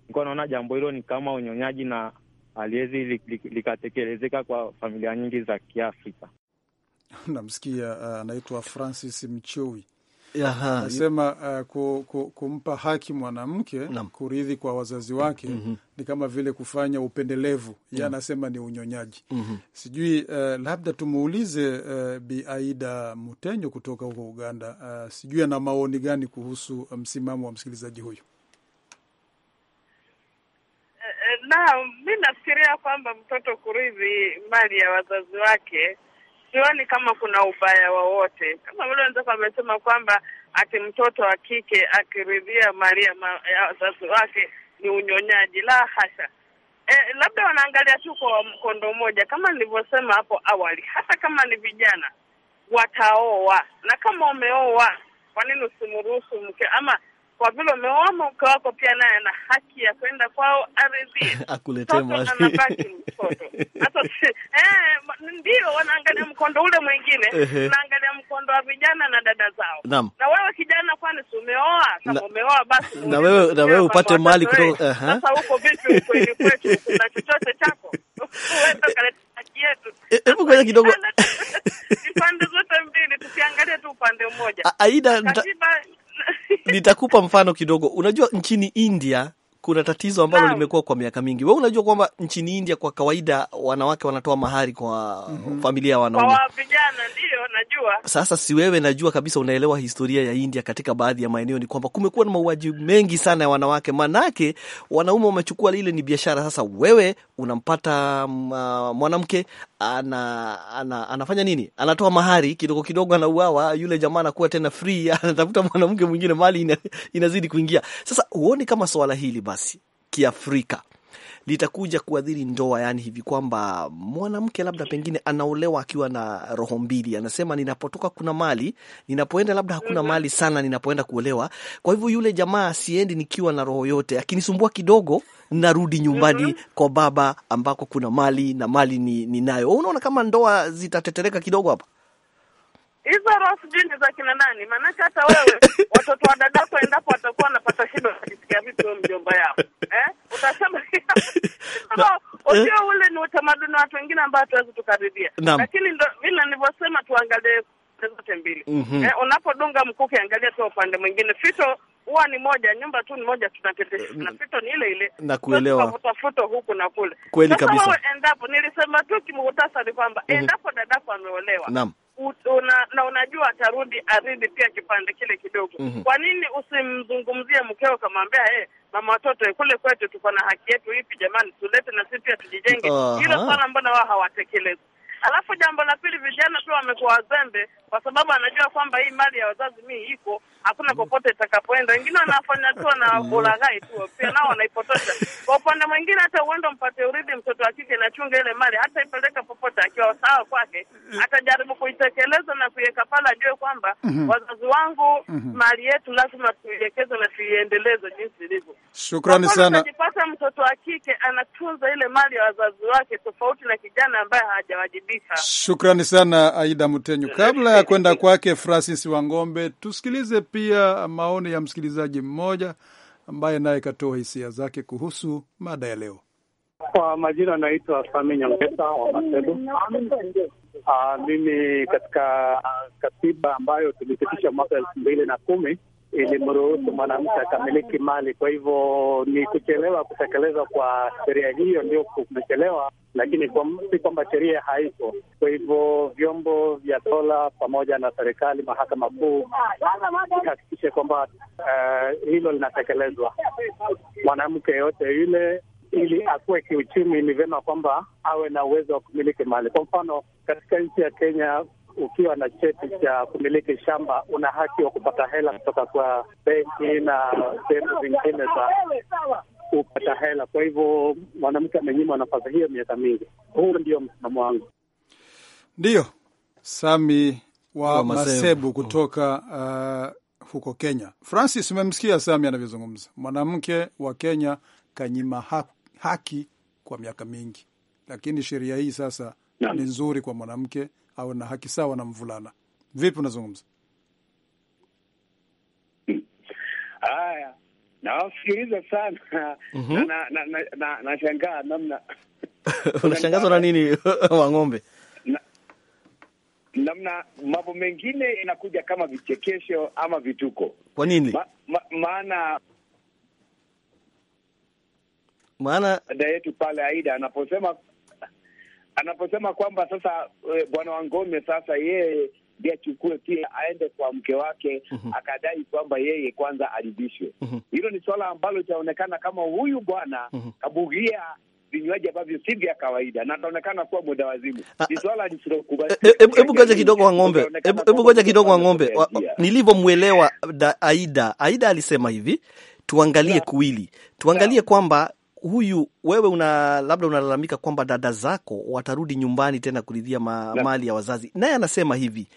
Nikuwa naona jambo hilo ni kama unyonyaji na aliwezi likatekelezeka kwa familia nyingi za Kiafrika. Namsikia uh, anaitwa uh, Francis Mchowi Anasema uh, kumpa haki mwanamke kurithi kwa wazazi wake mm -hmm. ni kama vile kufanya upendelevu mm -hmm. ye anasema ni unyonyaji mm -hmm. sijui uh, labda tumuulize uh, Bi Aida Mutenyo kutoka huko Uganda uh, sijui ana maoni gani kuhusu uh, msimamo wa msikilizaji huyu. Eh, eh, na mi nafikiria kwamba mtoto kurithi mali ya wazazi wake sioni kama kuna ubaya wowote, kama vile wenzako wamesema kwamba ati mtoto wa kike akiridhia maria ya wazazi wake ni unyonyaji. La hasha. E, labda wanaangalia tu kwa mkondo mmoja, kama nilivyosema hapo awali. Hata kama ni vijana wataoa, na kama wameoa, kwa nini usimruhusu mke ama kwa vile umeoma mke wako, pia naye ana haki ya kwenda kwao, ardhi akuletee mali, anabaki hata eh, ndio wanaangalia mkondo ule mwingine, naangalia mkondo wa vijana na dada zao. Naam. na wewe kijana, kwani si umeoa? Kama umeoa basi na wewe na wewe upate mali kutoka. Sasa uko vipi kweli kwetu, kuna chochote chako uende kaleta haki yetu? E, hebu ngoja kidogo, pande zote mbili tukiangalia tu upande mmoja. Aida, katiba nitakupa mfano kidogo. Unajua nchini India kuna tatizo ambalo limekuwa kwa miaka mingi. Wewe unajua kwamba nchini India kwa kawaida wanawake wanatoa mahari kwa mm -hmm. familia ya wanaume kwa vijana, ndio najua. Sasa si wewe, najua kabisa, unaelewa historia ya India. Katika baadhi ya maeneo ni kwamba kumekuwa na mauaji mengi sana ya wanawake, manake wanaume wamechukua ile ni biashara. Sasa wewe unampata mm, ah, mwanamke ana, ana, anafanya nini? Anatoa mahari kidogo kidogo, anauawa yule jamaa, anakuwa tena free, anatafuta mwanamke mwingine, mali inazidi kuingia. Sasa huoni kama swala hili Canvas kiafrika litakuja kuadhiri ndoa, yani hivi kwamba mwanamke labda pengine anaolewa akiwa na roho mbili. Anasema ninapotoka kuna mali, ninapoenda labda hakuna mhm. mali sana, ninapoenda kuolewa. Kwa hivyo yule jamaa siendi nikiwa na roho yote, akinisumbua kidogo narudi nyumbani mm -hmm. kwa baba ambako kuna mali na mali ni, ni nayo. Unaona kama ndoa zitatetereka kidogo hapa hizo roho sijui ni za kina nani? Maanake hata wewe watoto wa dadako endapo watakuwa wanapata shida, wakisikia vipi wewe mjomba yao eh? Utasema ujua eh? ule ni utamaduni wa watu wengine ambao hatuwezi tukaribia, lakini ndo vile nilivyosema, tuangalie zote mbili. mm -hmm. Eh, unapodunga mkuki angalia tu upande mwingine. Fito huwa ni moja, nyumba tu ni moja, tunatetesha na eh, fito ni ile ile, na kuelewa futo huku na kule. Kweli kabisa. Endapo nilisema tu kimuhtasari kwamba mhm. endapo dadako ameolewa, naam una, na unajua atarudi aridhi pia kipande kile kidogo. mm -hmm. Kwa nini usimzungumzie mkeo ukamwambia hey, mama watoto eh, kule kwetu tuko na haki yetu ipi jamani, tulete na sisi pia tujijenge. Ah, Hilo uh -huh. Swala mbona wao hawatekelezi? Alafu jambo la pili, vijana pia wamekuwa wazembe, kwa sababu anajua kwamba hii mali ya wazazi mimi iko hakuna popote itakapoenda. Wengine wanafanya tu na bulaghai mm. tu, pia nao wanaipotosha. Kwa upande mwingine, hata uendo mpate urithi, mtoto wa kike nachunga ile mali, hata ipeleka popote, akiwa sawa kwake mm. atajaribu kuitekeleza na kuiweka pale, ajue kwamba mm-hmm. wazazi wangu, mm-hmm. mali yetu lazima tuiwekeze na tuiendeleze jinsi ilivyo. Shukrani sana. Akipata mtoto wa kike anatunza ile mali ya wazazi wake, tofauti na kijana ambaye hajawajibika. Shukrani sana Aida mutenyu Kabla ya kwenda kwake Francis Wangombe, tusikilize pia maoni ya msikilizaji mmoja ambaye naye katoa hisia zake kuhusu mada ya leo. Kwa majina anaitwa Sami Nyongesa wa Maselu. Ah, mimi katika katiba ambayo tulipitisha mwaka elfu mbili na kumi ilimruhusu mwanamke akamiliki mali. Kwa hivyo ni kuchelewa kutekelezwa kwa sheria hiyo, ndio kumechelewa, lakini si kwamba sheria haipo. Kwa hivyo vyombo vya dola pamoja na serikali, mahakama kuu ihakikishe kwamba uh, hilo linatekelezwa. Mwanamke yote yule ili akuwe kiuchumi, ni vyema kwamba awe na uwezo wa kumiliki mali. Kwa mfano, katika nchi ya Kenya ukiwa na cheti cha kumiliki shamba una haki wa kupata hela kutoka kwa benki na sehemu zingine za kupata hela. Kwa hivyo mwanamke amenyimwa nafasi hiyo miaka mingi. Huu ndio msimamo wangu. Ndiyo Sami wa, wa Masebu mm. kutoka uh, huko Kenya. Francis, umemsikia Sami anavyozungumza, mwanamke wa Kenya kanyima ha haki kwa miaka mingi, lakini sheria hii sasa ni nzuri kwa mwanamke awe na haki sawa na mvulana. Vipi unazungumza haya? Nawasikiliza sana mhm. na nashangaa namna unashangazwa na nini Wang'ombe, namna mambo mengine yanakuja kama vichekesho ama vituko. Kwa nini? Maana ma, maana maana dada yetu pale Aida anaposema anaposema kwamba sasa e, bwana Wangome sasa yeye ndiye achukue pia aende kwa mke wake mm akadai kwamba yeye kwanza aridhishwe mhm. Hilo ni suala ambalo itaonekana kama huyu bwana mhm. kabugia vinywaji ambavyo si vya kawaida na anaonekana kuwa muda wazimu. Ah, ni swala lisilokubalika. Eh, eh, hebu ngoja kidogo wa ng'ombe, hebu ngoja kidogo wa ng'ombe. Nilivyomwelewa Aida, Aida alisema hivi, tuangalie kuwili, tuangalie kwamba huyu wewe una labda unalalamika kwamba dada zako watarudi nyumbani tena kuridhia ma, mali ya wazazi. Naye anasema hivi,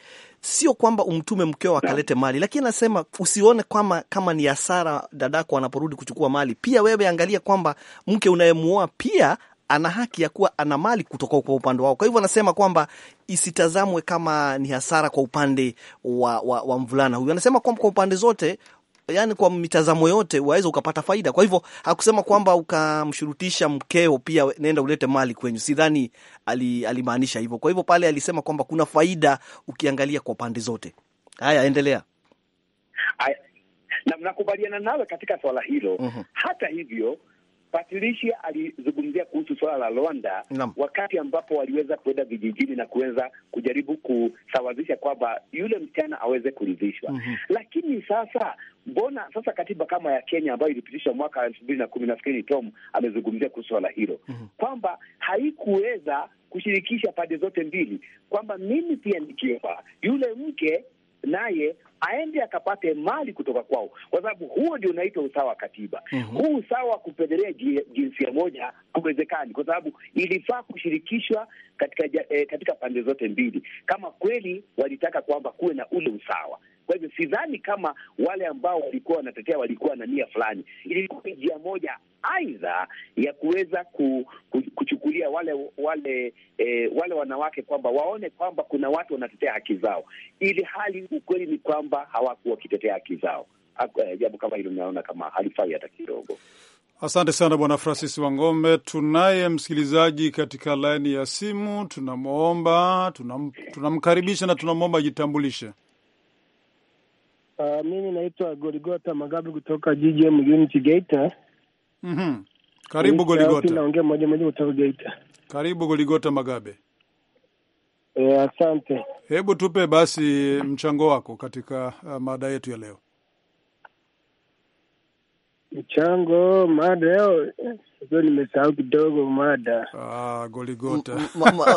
sio kwamba umtume mkeo akalete mali, lakini anasema usione kama, kama ni hasara dadako anaporudi kuchukua mali. Pia wewe angalia kwamba mke unayemuoa pia ana haki ya kuwa ana mali kutoka kwa upande wao. Kwa hivyo anasema kwamba isitazamwe kama ni hasara kwa upande wa, wa, wa mvulana huyu. Anasema kwamba kwa upande zote yani kwa mitazamo yote waweza ukapata faida. Kwa hivyo hakusema kwamba ukamshurutisha mkeo pia nenda ulete mali kwenyu, sidhani alimaanisha hivyo. Kwa hivyo pale alisema kwamba kuna faida ukiangalia kwa pande zote. Haya, endelea. Nakubaliana nawe katika swala hilo. Uh mhm. -huh. Hata hivyo Patilishi alizungumzia kuhusu suala la Rwanda wakati ambapo waliweza kuenda vijijini na kuweza kujaribu kusawazisha kwamba yule msichana aweze kuridhishwa mm -hmm. Lakini sasa mbona sasa katiba kama ya Kenya ambayo ilipitishwa mwaka elfu mbili na kumi nafikiri Tom amezungumzia kuhusu swala hilo mm -hmm. kwamba haikuweza kushirikisha pande zote mbili, kwamba mimi pia nikiwa yule mke naye aende akapate mali kutoka kwao, kwa sababu huo ndio unaitwa usawa wa katiba. mm -hmm. Huu usawa wa kupendelea jinsia moja kuwezekani kwa sababu ilifaa kushirikishwa katika, eh, katika pande zote mbili, kama kweli walitaka kwamba kuwe na ule usawa kwa hivyo sidhani kama wale ambao walikuwa wanatetea walikuwa na nia fulani. Ilikuwa ni njia moja aidha ya kuweza ku, ku, kuchukulia wale wale e, wale wanawake kwamba waone kwamba kuna watu wanatetea haki zao, ili hali ukweli ni kwamba hawakuwa wakitetea haki zao. E, jambo kama hilo linaona kama halifai hata kidogo. Asante sana Bwana Francis Wangombe. Tunaye msikilizaji katika laini ya simu, tunamwomba tunamkaribisha, tuna na tunamwomba ajitambulishe. Uh, mimi naitwa Goligota Magabi kutoka GGM Unity Geita. mm -hmm. Karibu Goligota. Naongea moja moja kutoka Geita. Karibu Goligota Magabe. E, asante. Hebu tupe basi mchango wako katika uh, mada yetu ya leo. Mchango mada leo ndio nimesahau kidogo mada. Ah, Goligota.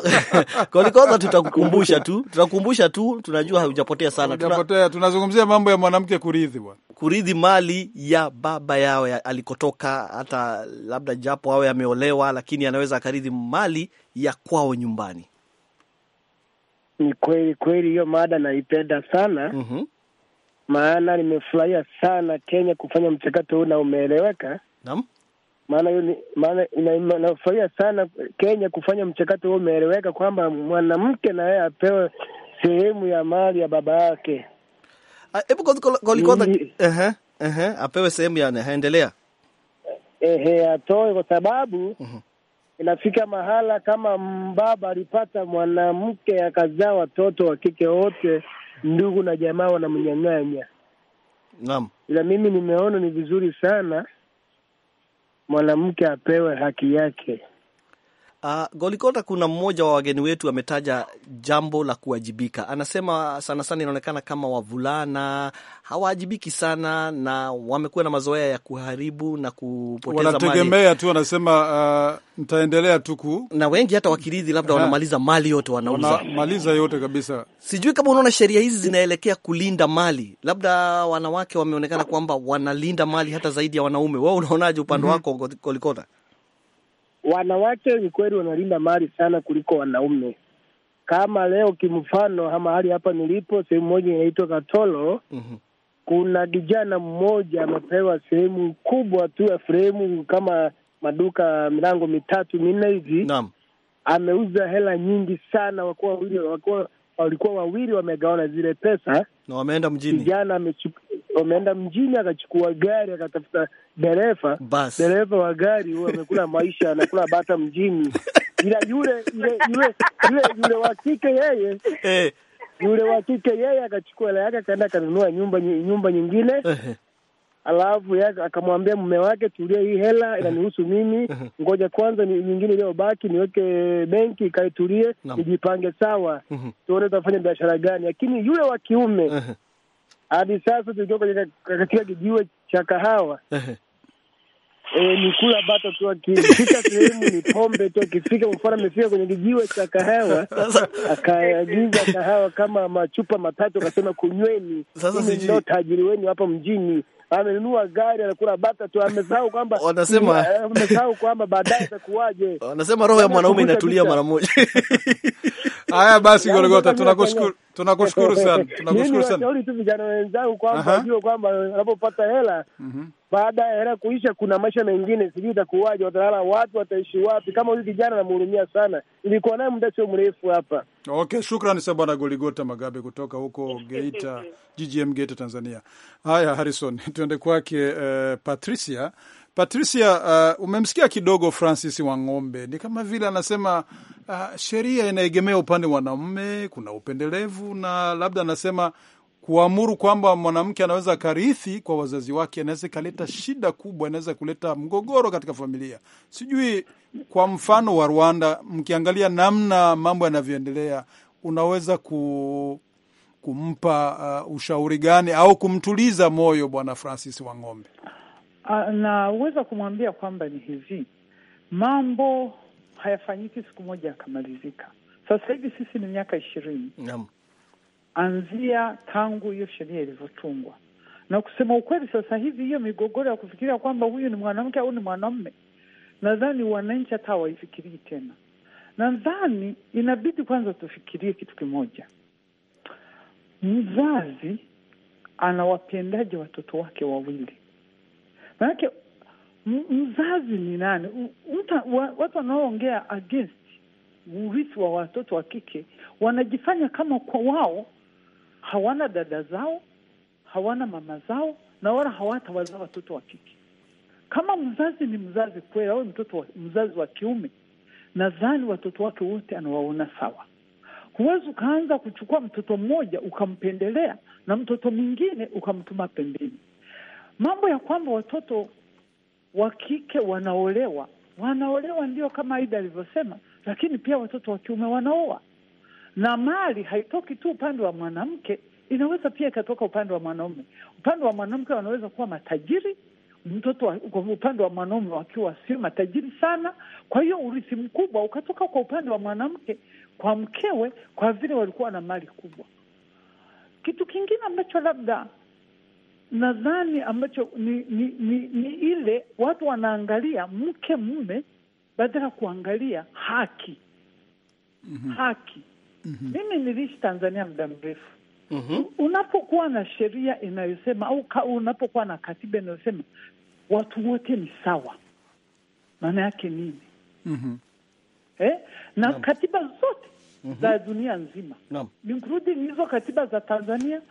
Goligota tutakukumbusha tu. Tutakukumbusha tu, tunajua haujapotea sana. Tunazungumzia mambo ya mwanamke kuridhi bwana. Kuridhi mali ya baba yao ya alikotoka, hata labda japo awe ameolewa, lakini anaweza akaridhi mali ya kwao nyumbani. Ni kweli kweli, hiyo mada naipenda sana. mm -hmm. Maana nimefurahia sana Kenya kufanya mchakato huu na umeeleweka. Naam maana maana inafurahia sana Kenya kufanya mchakato huo, umeeleweka kwamba mwanamke na yeye apewe sehemu ya mali ya baba yake. Ah, hebu goli kwanza, ehe, ehe, apewe sehemu ya endelea, ehe, atoe kwa sababu mhm. Inafika mahala kama mbaba alipata mwanamke akazaa watoto wa kike wote, ndugu na jamaa wanamnyang'anya. Naam, ila mimi nimeona ni vizuri sana mwanamke apewe haki yake. Uh, ah, Golikota, kuna mmoja wa wageni wetu ametaja jambo la kuwajibika. Anasema sana sana inaonekana kama wavulana hawaajibiki sana na wamekuwa na mazoea ya kuharibu na kupoteza mali, wanategemea tu, uh, nitaendelea tu ku na wengi hata wakirithi labda wanamaliza mali yote, wanauza wanamaliza yote kabisa. Sijui kama unaona sheria hizi zinaelekea kulinda mali, labda wanawake wameonekana kwamba wanalinda mali hata zaidi ya wanaume. Wewe unaonaje upande mm -hmm. wako Golikota? wanawake ni kweli wanalinda mali sana kuliko wanaume. Kama leo kimfano, mahali hapa nilipo, sehemu moja inaitwa Katolo mm -hmm. kuna kijana mmoja amepewa sehemu kubwa tu ya fremu kama maduka milango mitatu minne hivi, naam, ameuza hela nyingi sana, wakuwa wawili walikuwa wawili wamegawana zile pesa na wameenda mjini. Kijana wameenda mjini, akachukua gari, akatafuta dereva. Dereva wa gari huyo amekula maisha, anakula bata mjini, ila yule yule yule yule yule wa kike yeye hey. Eh. Yule wa kike yeye akachukua hela yake akaenda akanunua nyumba nyumba nyingine alafu akamwambia mume wake, tulia, hii hela inanihusu mimi, ngoja kwanza nyingine iliyobaki niweke benki ikaitulie, nijipange sawa, tuone tutafanya biashara gani. Lakini yule wa kiume hadi sasa tukiwa kwenye katika kijiwe cha kahawa E, ni kula bata tu, akifika sehemu ni pombe tu. Akifika mfano amefika kwenye kijiwe cha kahawa akaagiza kahawa kama machupa matatu, akasema kunyweni, ndo tajiri wenu hapa mjini amenunua gari, anakula bata tu, amesahau kwamba wanasema, eh, amesahau kwamba baadaye atakuwaje. Wanasema roho ya mwanaume inatulia mara moja Haya basi, yaani Gorogota, tunakushukuru, tunakushukuru sana, tunakushukuru sana. Shauri tu vijana wenzangu kwamba wajue kwamba wanapopata hela, mhm. baada ya hela kuisha, kuna maisha mengine, sijui itakuwaje, watalala watu wataishi wapi. Kama huyu kijana anamhurumia sana, ilikuwa naye muda sio mrefu hapa. Okay, shukrani sana bwana Goligota Magabe kutoka huko Geita, GGM Geita, Tanzania. Haya, Harrison, tuende kwake eh, Patricia Patricia, uh, umemsikia kidogo Francis Wang'ombe, ni kama vile anasema uh, sheria inaegemea upande mwanamume, kuna upendelevu na labda anasema kuamuru kwamba mwanamke anaweza akarithi kwa wazazi wake, anaweza ikaleta shida kubwa, inaweza kuleta mgogoro katika familia. Sijui kwa mfano wa Rwanda, mkiangalia namna mambo yanavyoendelea, unaweza ku, kumpa uh, ushauri gani au kumtuliza moyo bwana Francis Wang'ombe? Ah, naweza kumwambia kwamba ni hivi, mambo hayafanyiki siku moja yakamalizika. Sasa hivi sisi ni miaka ishirini anzia tangu hiyo sheria ilivyotungwa, na kusema ukweli, sasa hivi hiyo migogoro ya kufikiria kwamba huyu ni mwanamke au ni mwanamume, nadhani wananchi hata hawaifikirii tena. Nadhani inabidi kwanza tufikirie kitu kimoja, mzazi anawapendaje watoto wake wawili? Maanake mzazi ni nani? Watu wanaoongea against urithi wa watoto wa kike wanajifanya kama kwa wao hawana dada zao, hawana mama zao, na wala hawatawazaa watoto wa kike. Kama mzazi ni mzazi kweli, au mtoto mzazi wa kiume, nadhani watoto wake wote anawaona sawa. Huwezi ukaanza kuchukua mtoto mmoja ukampendelea na mtoto mwingine ukamtuma pembeni mambo ya kwamba watoto wa kike wanaolewa, wanaolewa ndio kama Aida alivyosema, lakini pia watoto wa kiume wanaoa, na mali haitoki tu upande wa mwanamke, inaweza pia ikatoka upande wa mwanaume. Upande wa mwanamke wanaweza kuwa matajiri mtoto wa, upande wa mwanaume wakiwa sio matajiri sana. Kwa hiyo urithi mkubwa ukatoka kwa upande wa mwanamke kwa mkewe, kwa vile walikuwa na mali kubwa. Kitu kingine ambacho labda nadhani ambacho ni, ni, ni, ni ile watu wanaangalia mke mume badala ya kuangalia haki mm -hmm. haki mm -hmm. Mimi niliishi Tanzania muda mrefu mm -hmm. Unapokuwa na sheria inayosema au unapokuwa na katiba inayosema watu wote ni sawa, maana yake nini? mm -hmm. Eh, na Nam. katiba zote mm -hmm. za mhm. dunia nzima, nikurudi hizo katiba za Tanzania,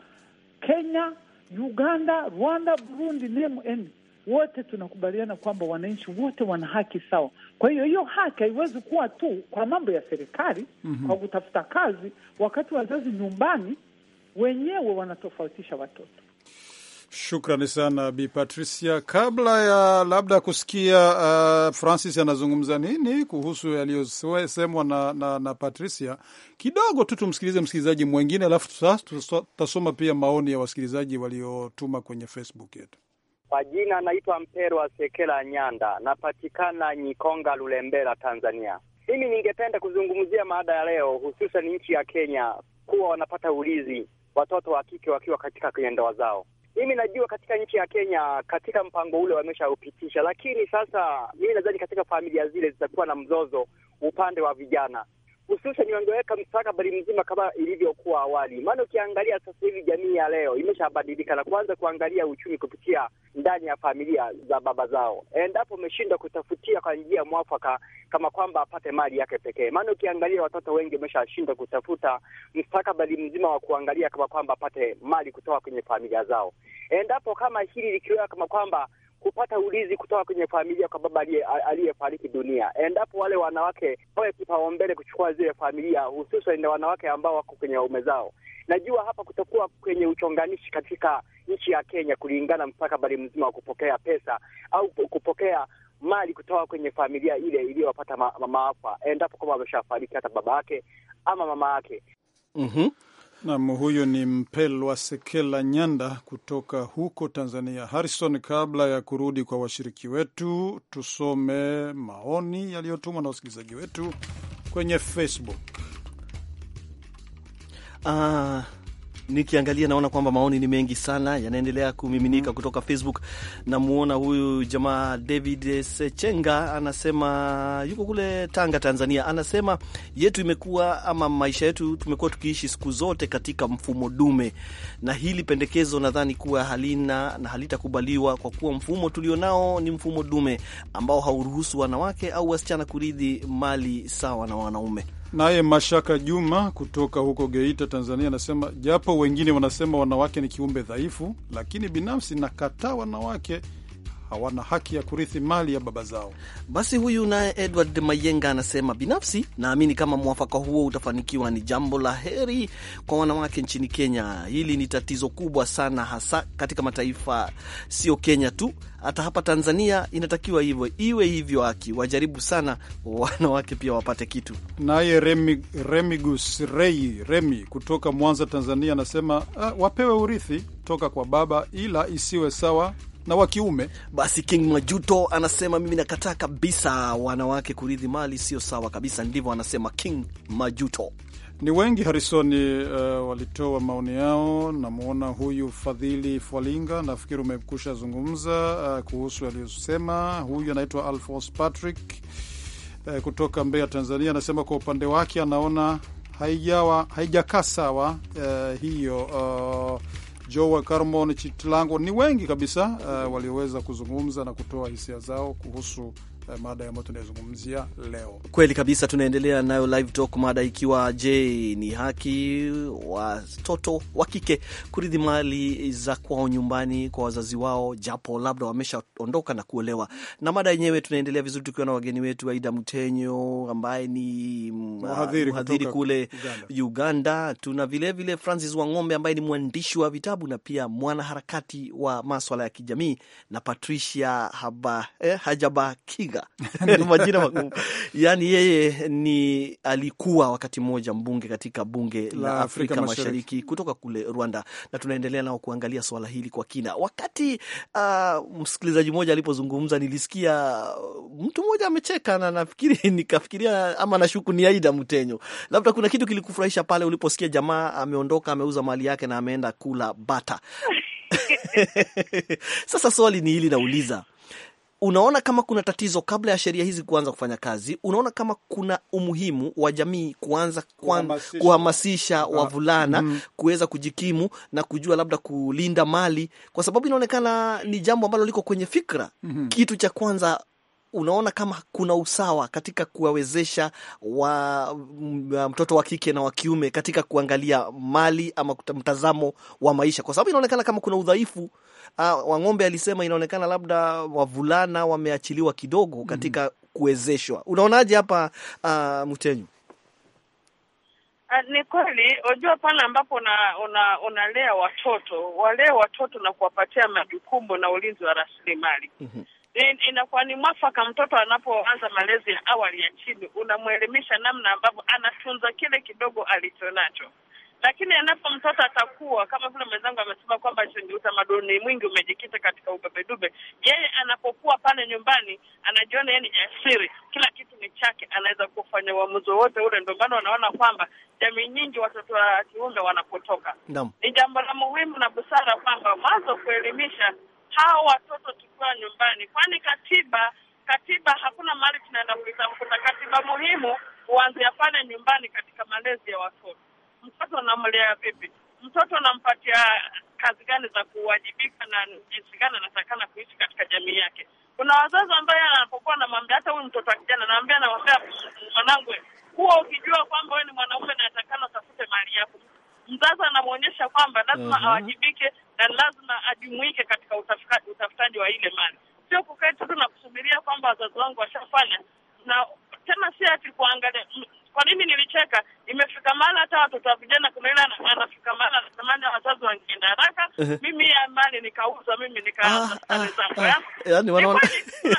Kenya Uganda, Rwanda, Burundi, NMN wote tunakubaliana kwamba wananchi wote wana haki sawa. Kwa hiyo hiyo haki haiwezi kuwa tu kwa mambo ya serikali mm -hmm. kwa kutafuta kazi, wakati wazazi nyumbani wenyewe wanatofautisha watoto Shukrani sana Bi Patricia. Kabla ya labda kusikia uh, Francis anazungumza nini kuhusu yaliyosemwa na, na, na Patricia, kidogo tu tumsikilize msikilizaji mwengine, alafu tutasoma pia maoni ya wasikilizaji waliotuma kwenye Facebook yetu. Kwa jina anaitwa Mpero wa Sekela Nyanda, napatikana Nyikonga, Lulembela, Tanzania. Mimi ningependa kuzungumzia maada ya leo, hususan nchi ya Kenya kuwa wanapata ulizi watoto wa kike wakiwa katika kwenye ndoa zao mimi najua katika nchi ya Kenya katika mpango ule wameshaupitisha, lakini sasa mimi nadhani katika familia zile zitakuwa na mzozo upande wa vijana hususan wangeweka mstakabali mzima kama ilivyokuwa awali. Maana ukiangalia sasa hivi jamii ya leo imeshabadilika na kuanza kuangalia uchumi kupitia ndani ya familia za baba zao, endapo ameshindwa kutafutia kwa njia mwafaka, kama kwamba apate mali yake pekee. Maana ukiangalia watoto wengi wameshashindwa kutafuta mstakabali mzima wa kuangalia kama kwamba apate mali kutoka kwenye familia zao, endapo kama hili likiwa kama kwamba kupata ulizi kutoka kwenye familia kwa baba aliyefariki dunia, endapo wale wanawake wawe kipaumbele kuchukua zile familia, hususan na wanawake ambao wako kwenye waume zao. Najua hapa kutakuwa kwenye uchonganishi katika nchi ya Kenya, kulingana mstakabali mzima wa kupokea pesa au kupokea mali kutoka kwenye familia ile iliyowapata maafa, endapo kama wameshafariki hata baba yake ama mama yake. mm -hmm. Nam, huyu ni Mpelwa Sekela Nyanda kutoka huko Tanzania. Harrison, kabla ya kurudi kwa washiriki wetu, tusome maoni yaliyotumwa na wasikilizaji wetu kwenye Facebook. Uh nikiangalia naona kwamba maoni ni mengi sana yanaendelea kumiminika mm. kutoka Facebook. Namwona huyu jamaa David Sechenga anasema yuko kule Tanga, Tanzania. Anasema yetu imekuwa ama maisha yetu tumekuwa tukiishi siku zote katika mfumo dume, na hili pendekezo nadhani kuwa halina na halitakubaliwa kwa kuwa mfumo tulionao ni mfumo dume ambao hauruhusu wanawake au wasichana kuridhi mali sawa na wanaume. Naye Mashaka Juma kutoka huko Geita, Tanzania, anasema japo wengine wanasema wanawake ni kiumbe dhaifu, lakini binafsi nakataa wanawake hawana haki ya kurithi mali ya baba zao. Basi huyu naye Edward Mayenga anasema binafsi, naamini kama mwafaka huo utafanikiwa ni jambo la heri kwa wanawake nchini Kenya. Hili ni tatizo kubwa sana, hasa katika mataifa, sio Kenya tu, hata hapa Tanzania inatakiwa hivyo, iwe hivyo aki Wajaribu sana wanawake pia wapate kitu. Naye Remi, Remigus Rei Remi kutoka Mwanza, Tanzania anasema uh, wapewe urithi toka kwa baba, ila isiwe sawa na wa kiume. Basi King Majuto anasema mimi nakataa kabisa wanawake kurithi mali, sio sawa kabisa. Ndivyo anasema King Majuto. Ni wengi Harisoni uh, walitoa maoni yao. Namwona huyu Fadhili Fwalinga, nafikiri umekusha zungumza uh, kuhusu aliyosema. Huyu anaitwa Alfons Patrick uh, kutoka Mbeya, Tanzania, anasema kwa upande wake anaona haijakaa sawa uh, hiyo uh, Joa Carmon Chitlango, ni wengi kabisa uh, walioweza kuzungumza na kutoa hisia zao kuhusu Eh, mada ambayo tunayozungumzia leo. Kweli kabisa, tunaendelea nayo live talk, mada ikiwa je, ni haki watoto wa kike kurithi mali za kwao nyumbani kwa wazazi wao japo labda wameshaondoka na kuolewa. Na mada yenyewe tunaendelea vizuri tukiwa na wageni wetu Aida Mtenyo ambaye ni mm, mhadhiri kule Uganda. Uganda tuna vilevile vile Francis Wang'ombe ambaye ni mwandishi wa vitabu na pia mwanaharakati wa maswala ya kijamii na Patricia eh, Hajaba Kiga Odinga ndio majina makubwa. Yani yeye ni alikuwa wakati mmoja mbunge katika bunge la, la Afrika, Afrika Mashariki kutoka kule Rwanda, na tunaendelea nao kuangalia swala hili kwa kina. Wakati uh, msikilizaji mmoja alipozungumza nilisikia uh, mtu mmoja amecheka na nafikiri nikafikiria ama nashuku ni Aida Mtenyo, labda kuna kitu kilikufurahisha pale uliposikia jamaa ameondoka ameuza mali yake na ameenda kula bata. Sasa swali ni hili nauliza Unaona kama kuna tatizo kabla ya sheria hizi kuanza kufanya kazi? Unaona kama kuna umuhimu wa jamii kuanza kuhamasisha ah, wavulana mm, kuweza kujikimu na kujua labda kulinda mali, kwa sababu inaonekana ni jambo ambalo liko kwenye fikra mm -hmm. Kitu cha kwanza unaona kama kuna usawa katika kuwawezesha wa mm, uh, mtoto wa kike na wa kiume katika kuangalia mali ama mtazamo wa maisha, kwa sababu inaonekana kama kuna udhaifu uh, Wang'ombe alisema inaonekana labda wavulana wameachiliwa kidogo mm-hmm. katika mm -hmm. kuwezeshwa. Unaonaje hapa uh, Mtenyu? Ah, ni kweli, unajua pale ambapo unalea una, una watoto walee watoto na kuwapatia majukumu na ulinzi wa rasilimali mm -hmm inakuwa ni mwafaka mtoto anapoanza malezi ya awali ya chini, unamwelimisha namna ambavyo anatunza kile kidogo alichonacho, lakini anapo mtoto atakuwa kama vile mwenzangu amesema kwamba utamaduni mwingi umejikita katika ubebedube. Yeye anapokuwa pale nyumbani anajiona yeye ni jasiri, kila kitu ni chake, anaweza kufanya uamuzi wowote ule. Ndio maana wanaona kwamba jamii nyingi watoto wa kiume wanapotoka, ni jambo la muhimu na busara kwamba mwanzo kuelimisha hawa watoto tukiwa nyumbani, kwani katiba katiba hakuna mahali tunaenda kuitafuta. Katiba muhimu huanzia pale nyumbani, katika malezi ya watoto. Mtoto unamlea vipi? Mtoto unampatia kazi gani za kuwajibika na jinsi gani anatakana kuishi katika jamii yake. Kuna wazazi ambaye anapokuwa namwambia, hata huyu mtoto wa kijana naambia, namwambia mwanangu, huwa ukijua kwamba wewe ni mwanaume, natakana utafute mali yako mzazi anamwonyesha kwamba lazima uh mhm. -huh. awajibike na lazima ajumuike katika utafutaji wa ile mali, sio kuketi tu na kusubiria kwamba wazazi wangu washafanya. Na tena si ati kuangalia. Kwa nini nilicheka? Imefika mahali hata watoto wa vijana, kuna ile anafika mahali anatamani wazazi wangeenda haraka, mhm. mimi ya mali nikauza, mimi nikaanza ah, stare ah, ah. Yaani eh, wanaona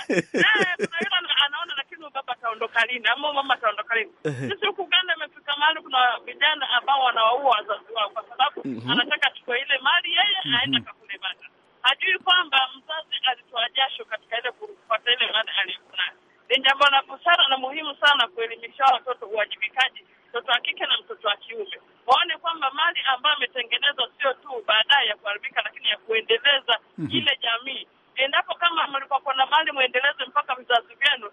eh, anaona, lakini baba ataondoka lini ama mama ataondoka lini? Mhm. Sisi huku Uganda mahali kuna vijana ambao wanawaua wazazi wao kwa sababu mm -hmm. anataka chukua ile mali yeye mm -hmm. aenda kakulemata. Hajui kwamba mzazi alitoa jasho katika ile kupata ile mali aliyonayo. Ni jambo la busara na muhimu sana kuelimisha watoto uwajibikaji, mtoto wa kike na mtoto wa kiume, waone kwamba mali ambayo ametengenezwa sio tu baadaye ya kuharibika, lakini ya kuendeleza mm -hmm. ile jamii. Endapo kama mlipokuwa na mali mwendeleze mpaka vizazi vyenu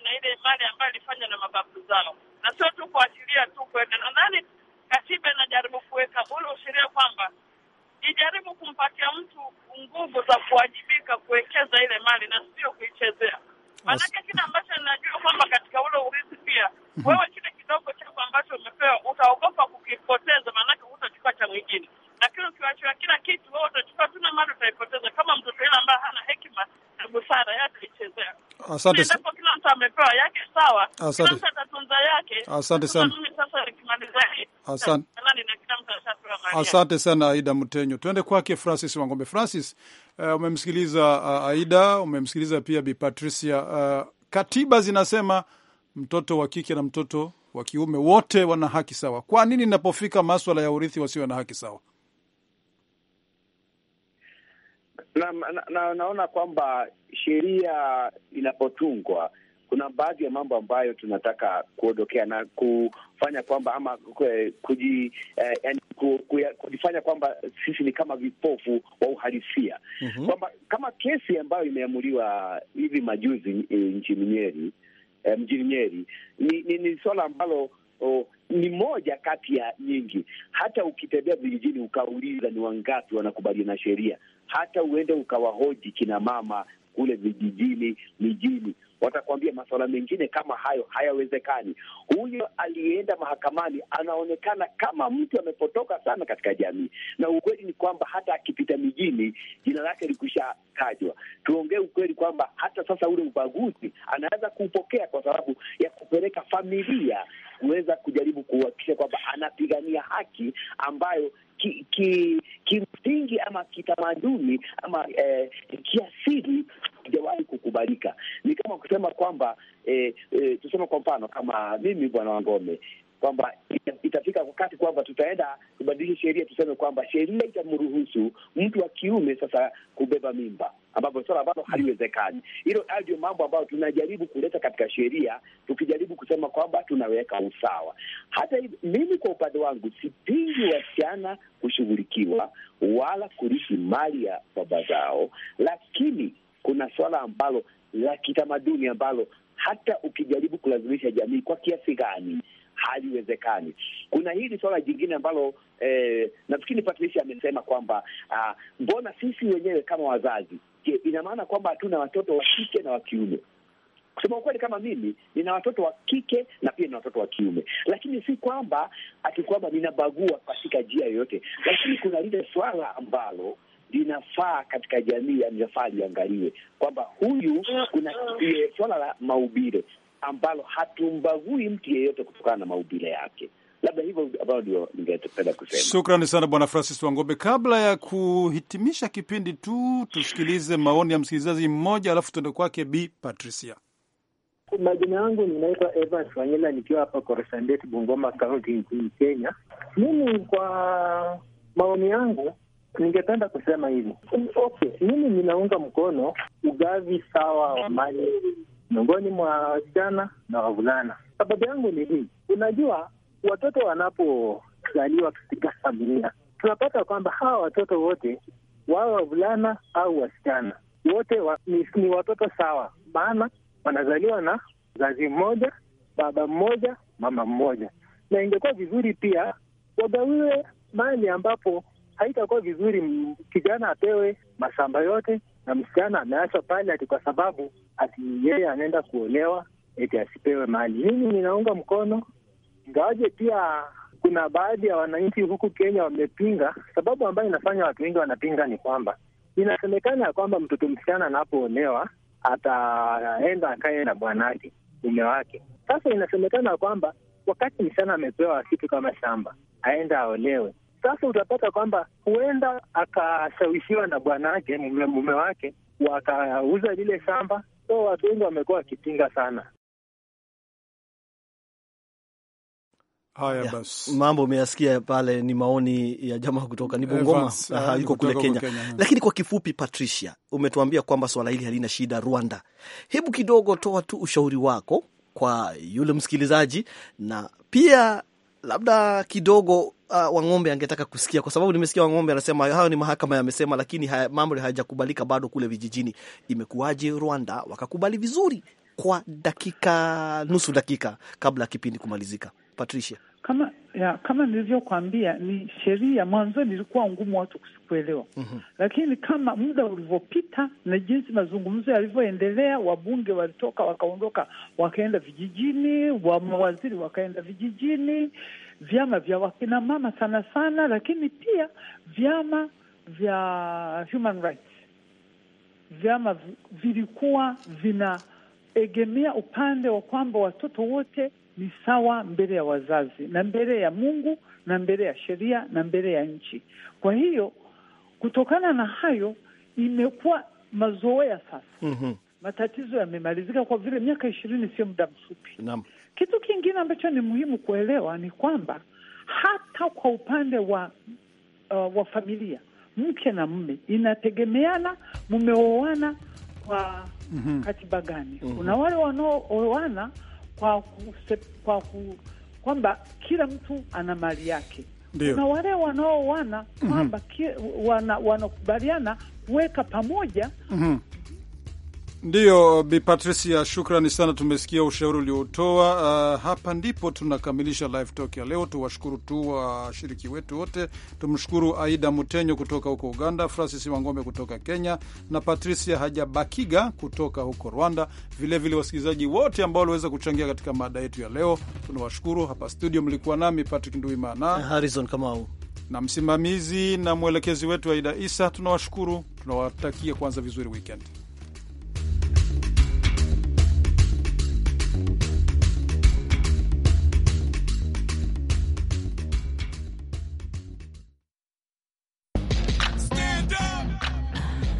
pamoja na ile imani ambayo ilifanywa na mababu zao, na sio tu kuashiria tu kwenda. Nadhani katiba inajaribu kuweka ule ushiria kwamba ijaribu kumpatia mtu nguvu za kuwajibika kuwekeza ile mali na sio kuichezea. Maanake kile ambacho ninajua kwamba katika ule urithi pia wewe, kile kidogo chako ambacho umepewa utaogopa kukipoteza, maanake hutachukua cha mwingine lakini ukiwachiwa kila kitu, tu na mali utaipoteza, kama mtoto yule ambaye hana hekima na busara Asante sana. Kila mtu amepewa yake, sawa. Asante. Kila mtu atatunza yake. Asante sana. Sasa Asante. Asante sana Aida Mtenyo. Tuende kwake Francis Wangombe. Francis, uh, umemsikiliza uh, Aida, umemsikiliza pia Bi Patricia. Uh, katiba zinasema mtoto wa kike na mtoto wa kiume wote wana haki sawa. Kwa nini inapofika maswala ya urithi wasiwe na haki sawa? na, na, na naona kwamba sheria inapotungwa kuna baadhi ya mambo ambayo tunataka kuondokea na kufanya kwamba ama kuji, eh, yani, ku, ku, kujifanya kwamba sisi ni kama vipofu wa uhalisia mm -hmm. Kwamba kama kesi ambayo imeamuliwa hivi majuzi e, nchini Nyeri e, mjini Nyeri ni, ni, ni suala ambalo oh, ni moja kati ya nyingi. Hata ukitembea vijijini ukauliza ni wangapi wanakubaliana na sheria, hata uende ukawahoji kina mama kule vijijini, mijini, watakuambia masuala mengine kama hayo hayawezekani. Huyo aliyeenda mahakamani anaonekana kama mtu amepotoka sana katika jamii, na ukweli ni kwamba hata akipita mijini jina lake likuisha tajwa. Tuongee ukweli kwamba hata sasa ule ubaguzi anaweza kuupokea kwa sababu ya kupeleka familia kuweza kujaribu kuhakikisha kwamba anapigania haki ambayo kimsingi ki, ki ama kitamaduni ama eh, kiasili hajawahi kukubalika. Ni kama kusema kwamba eh, eh, tuseme kwa mfano kama mimi bwana Wangome kwamba itafika wakati kwamba tutaenda kubadilisha sheria, tuseme kwamba sheria itamruhusu mtu wa kiume sasa kubeba mimba, ambapo swala ambalo haliwezekani. Hilo hayo ndio mambo ambayo tunajaribu kuleta katika sheria, tukijaribu kusema kwamba tunaweka usawa. Hata hivi, mimi kwa upande wangu sipingi wasichana kushughulikiwa wala kurithi mali ya baba zao, lakini kuna swala ambalo la kitamaduni ambalo hata ukijaribu kulazimisha jamii kwa kiasi gani haliwezekani. Kuna hili swala jingine ambalo eh, nafikiri Patricia amesema kwamba ah, mbona, sisi wenyewe kama wazazi, je, ina maana kwamba hatuna watoto wa kike na wa kiume? Kusema ukweli, kama mimi nina watoto wa kike na pia nina watoto wa kiume, lakini si kwamba ati kwamba ninabagua katika njia yoyote, lakini kuna lile swala ambalo linafaa katika jamii, yaani linafaa liangaliwe kwamba huyu, kuna swala la maubire ambalo hatumbagui mtu yeyote kutokana na maubile yake. Labda hivyo ambayo ndio ningependa kusema. Shukrani sana Bwana Francis Wangombe. Kabla ya kuhitimisha kipindi tu, tusikilize maoni ya msikilizaji mmoja, alafu tuende kwake Bi Patricia. Majina yangu ninaitwa Evans Wanyela, nikiwa hapa Korosandeti, Bungoma Kaunti, nchini Kenya. Mimi kwa maoni yangu ningependa kusema hivi okay, mimi ninaunga mkono ugavi sawa wa mali miongoni mwa wasichana na wavulana. Sababu yangu ni hii, unajua watoto wanapozaliwa katika familia tunapata kwamba hawa watoto wote wawe wavulana au wasichana, wote wa, ni, ni watoto sawa, maana wanazaliwa na mzazi mmoja, baba mmoja, mama mmoja, na ingekuwa vizuri pia wagawiwe mali ambapo haitakuwa vizuri kijana apewe mashamba yote na msichana ameachwa pale, ati kwa sababu ati yeye anaenda kuolewa eti asipewe mali. Mimi ninaunga mkono, ingawaje pia kuna baadhi ya wananchi huku Kenya wamepinga. Sababu ambayo inafanya watu wengi wanapinga ni kwamba inasemekana ya kwamba mtoto msichana anapoolewa ataenda akaye na bwanake, mume wake. Sasa inasemekana kwamba wakati msichana amepewa kitu kama shamba, aenda aolewe. Sasa utapata kwamba huenda akashawishiwa na bwanake, mume, mume wake wakauza lile shamba so watu wengi wamekuwa wakipinga sana haya. Basi mambo umeyasikia pale, ni maoni ya jamaa kutoka ni Bungoma eh, yuko kule Kenya, Kenya. Eh. Lakini kwa kifupi, Patricia, umetuambia kwamba swala hili halina shida Rwanda. Hebu kidogo toa tu ushauri wako kwa yule msikilizaji na pia labda kidogo uh, Wang'ombe angetaka kusikia, kwa sababu nimesikia Wang'ombe anasema hayo ni mahakama yamesema, lakini haya, mambo hayajakubalika bado kule vijijini. Imekuwaje Rwanda wakakubali vizuri kwa dakika nusu dakika kabla ya kipindi kumalizika? Patricia, kama ya, kama nilivyokwambia ni sheria mwanzoni ilikuwa ngumu watu kusikuelewa. mm -hmm. Lakini kama muda ulivyopita na jinsi mazungumzo yalivyoendelea, wabunge walitoka wakaondoka, wakaenda vijijini, wa mawaziri wakaenda vijijini vyama vya wakinamama sana sana, lakini pia vyama vya human rights. Vyama vilikuwa vinaegemea upande wa kwamba watoto wote ni sawa mbele ya wazazi na mbele ya Mungu na mbele ya sheria na mbele ya nchi. Kwa hiyo kutokana na hayo imekuwa mazoea sasa. mm -hmm. Matatizo yamemalizika kwa vile miaka ishirini sio muda mfupi. Naam. Kitu kingine ambacho ni muhimu kuelewa ni kwamba hata kwa upande wa uh, wa familia, mke na mme inategemeana mumeoana kwa mm -hmm. katiba gani? mm -hmm. Kuna wale wanaooana kwa kwa kwamba kila mtu ana mali yake. Ndiyo. Kuna wale wanaoana mhm. kwamba mm -hmm. wanakubaliana wana kuweka pamoja mm -hmm. Ndiyo, Bi Patricia, shukrani sana. Tumesikia ushauri uliotoa. Uh, hapa ndipo tunakamilisha live talk ya leo. Tuwashukuru tu washiriki wetu wote. Tumshukuru Aida Mutenyo kutoka huko Uganda, Francis Wangombe kutoka Kenya na Patricia Hajabakiga kutoka huko Rwanda. Vilevile wasikilizaji wote ambao waliweza kuchangia katika mada yetu ya leo, tunawashukuru. Hapa studio mlikuwa nami Patrick Nduimana, eh, Harrison Kamau na msimamizi na mwelekezi wetu Aida Isa. Tunawashukuru, tunawatakia kwanza vizuri weekend.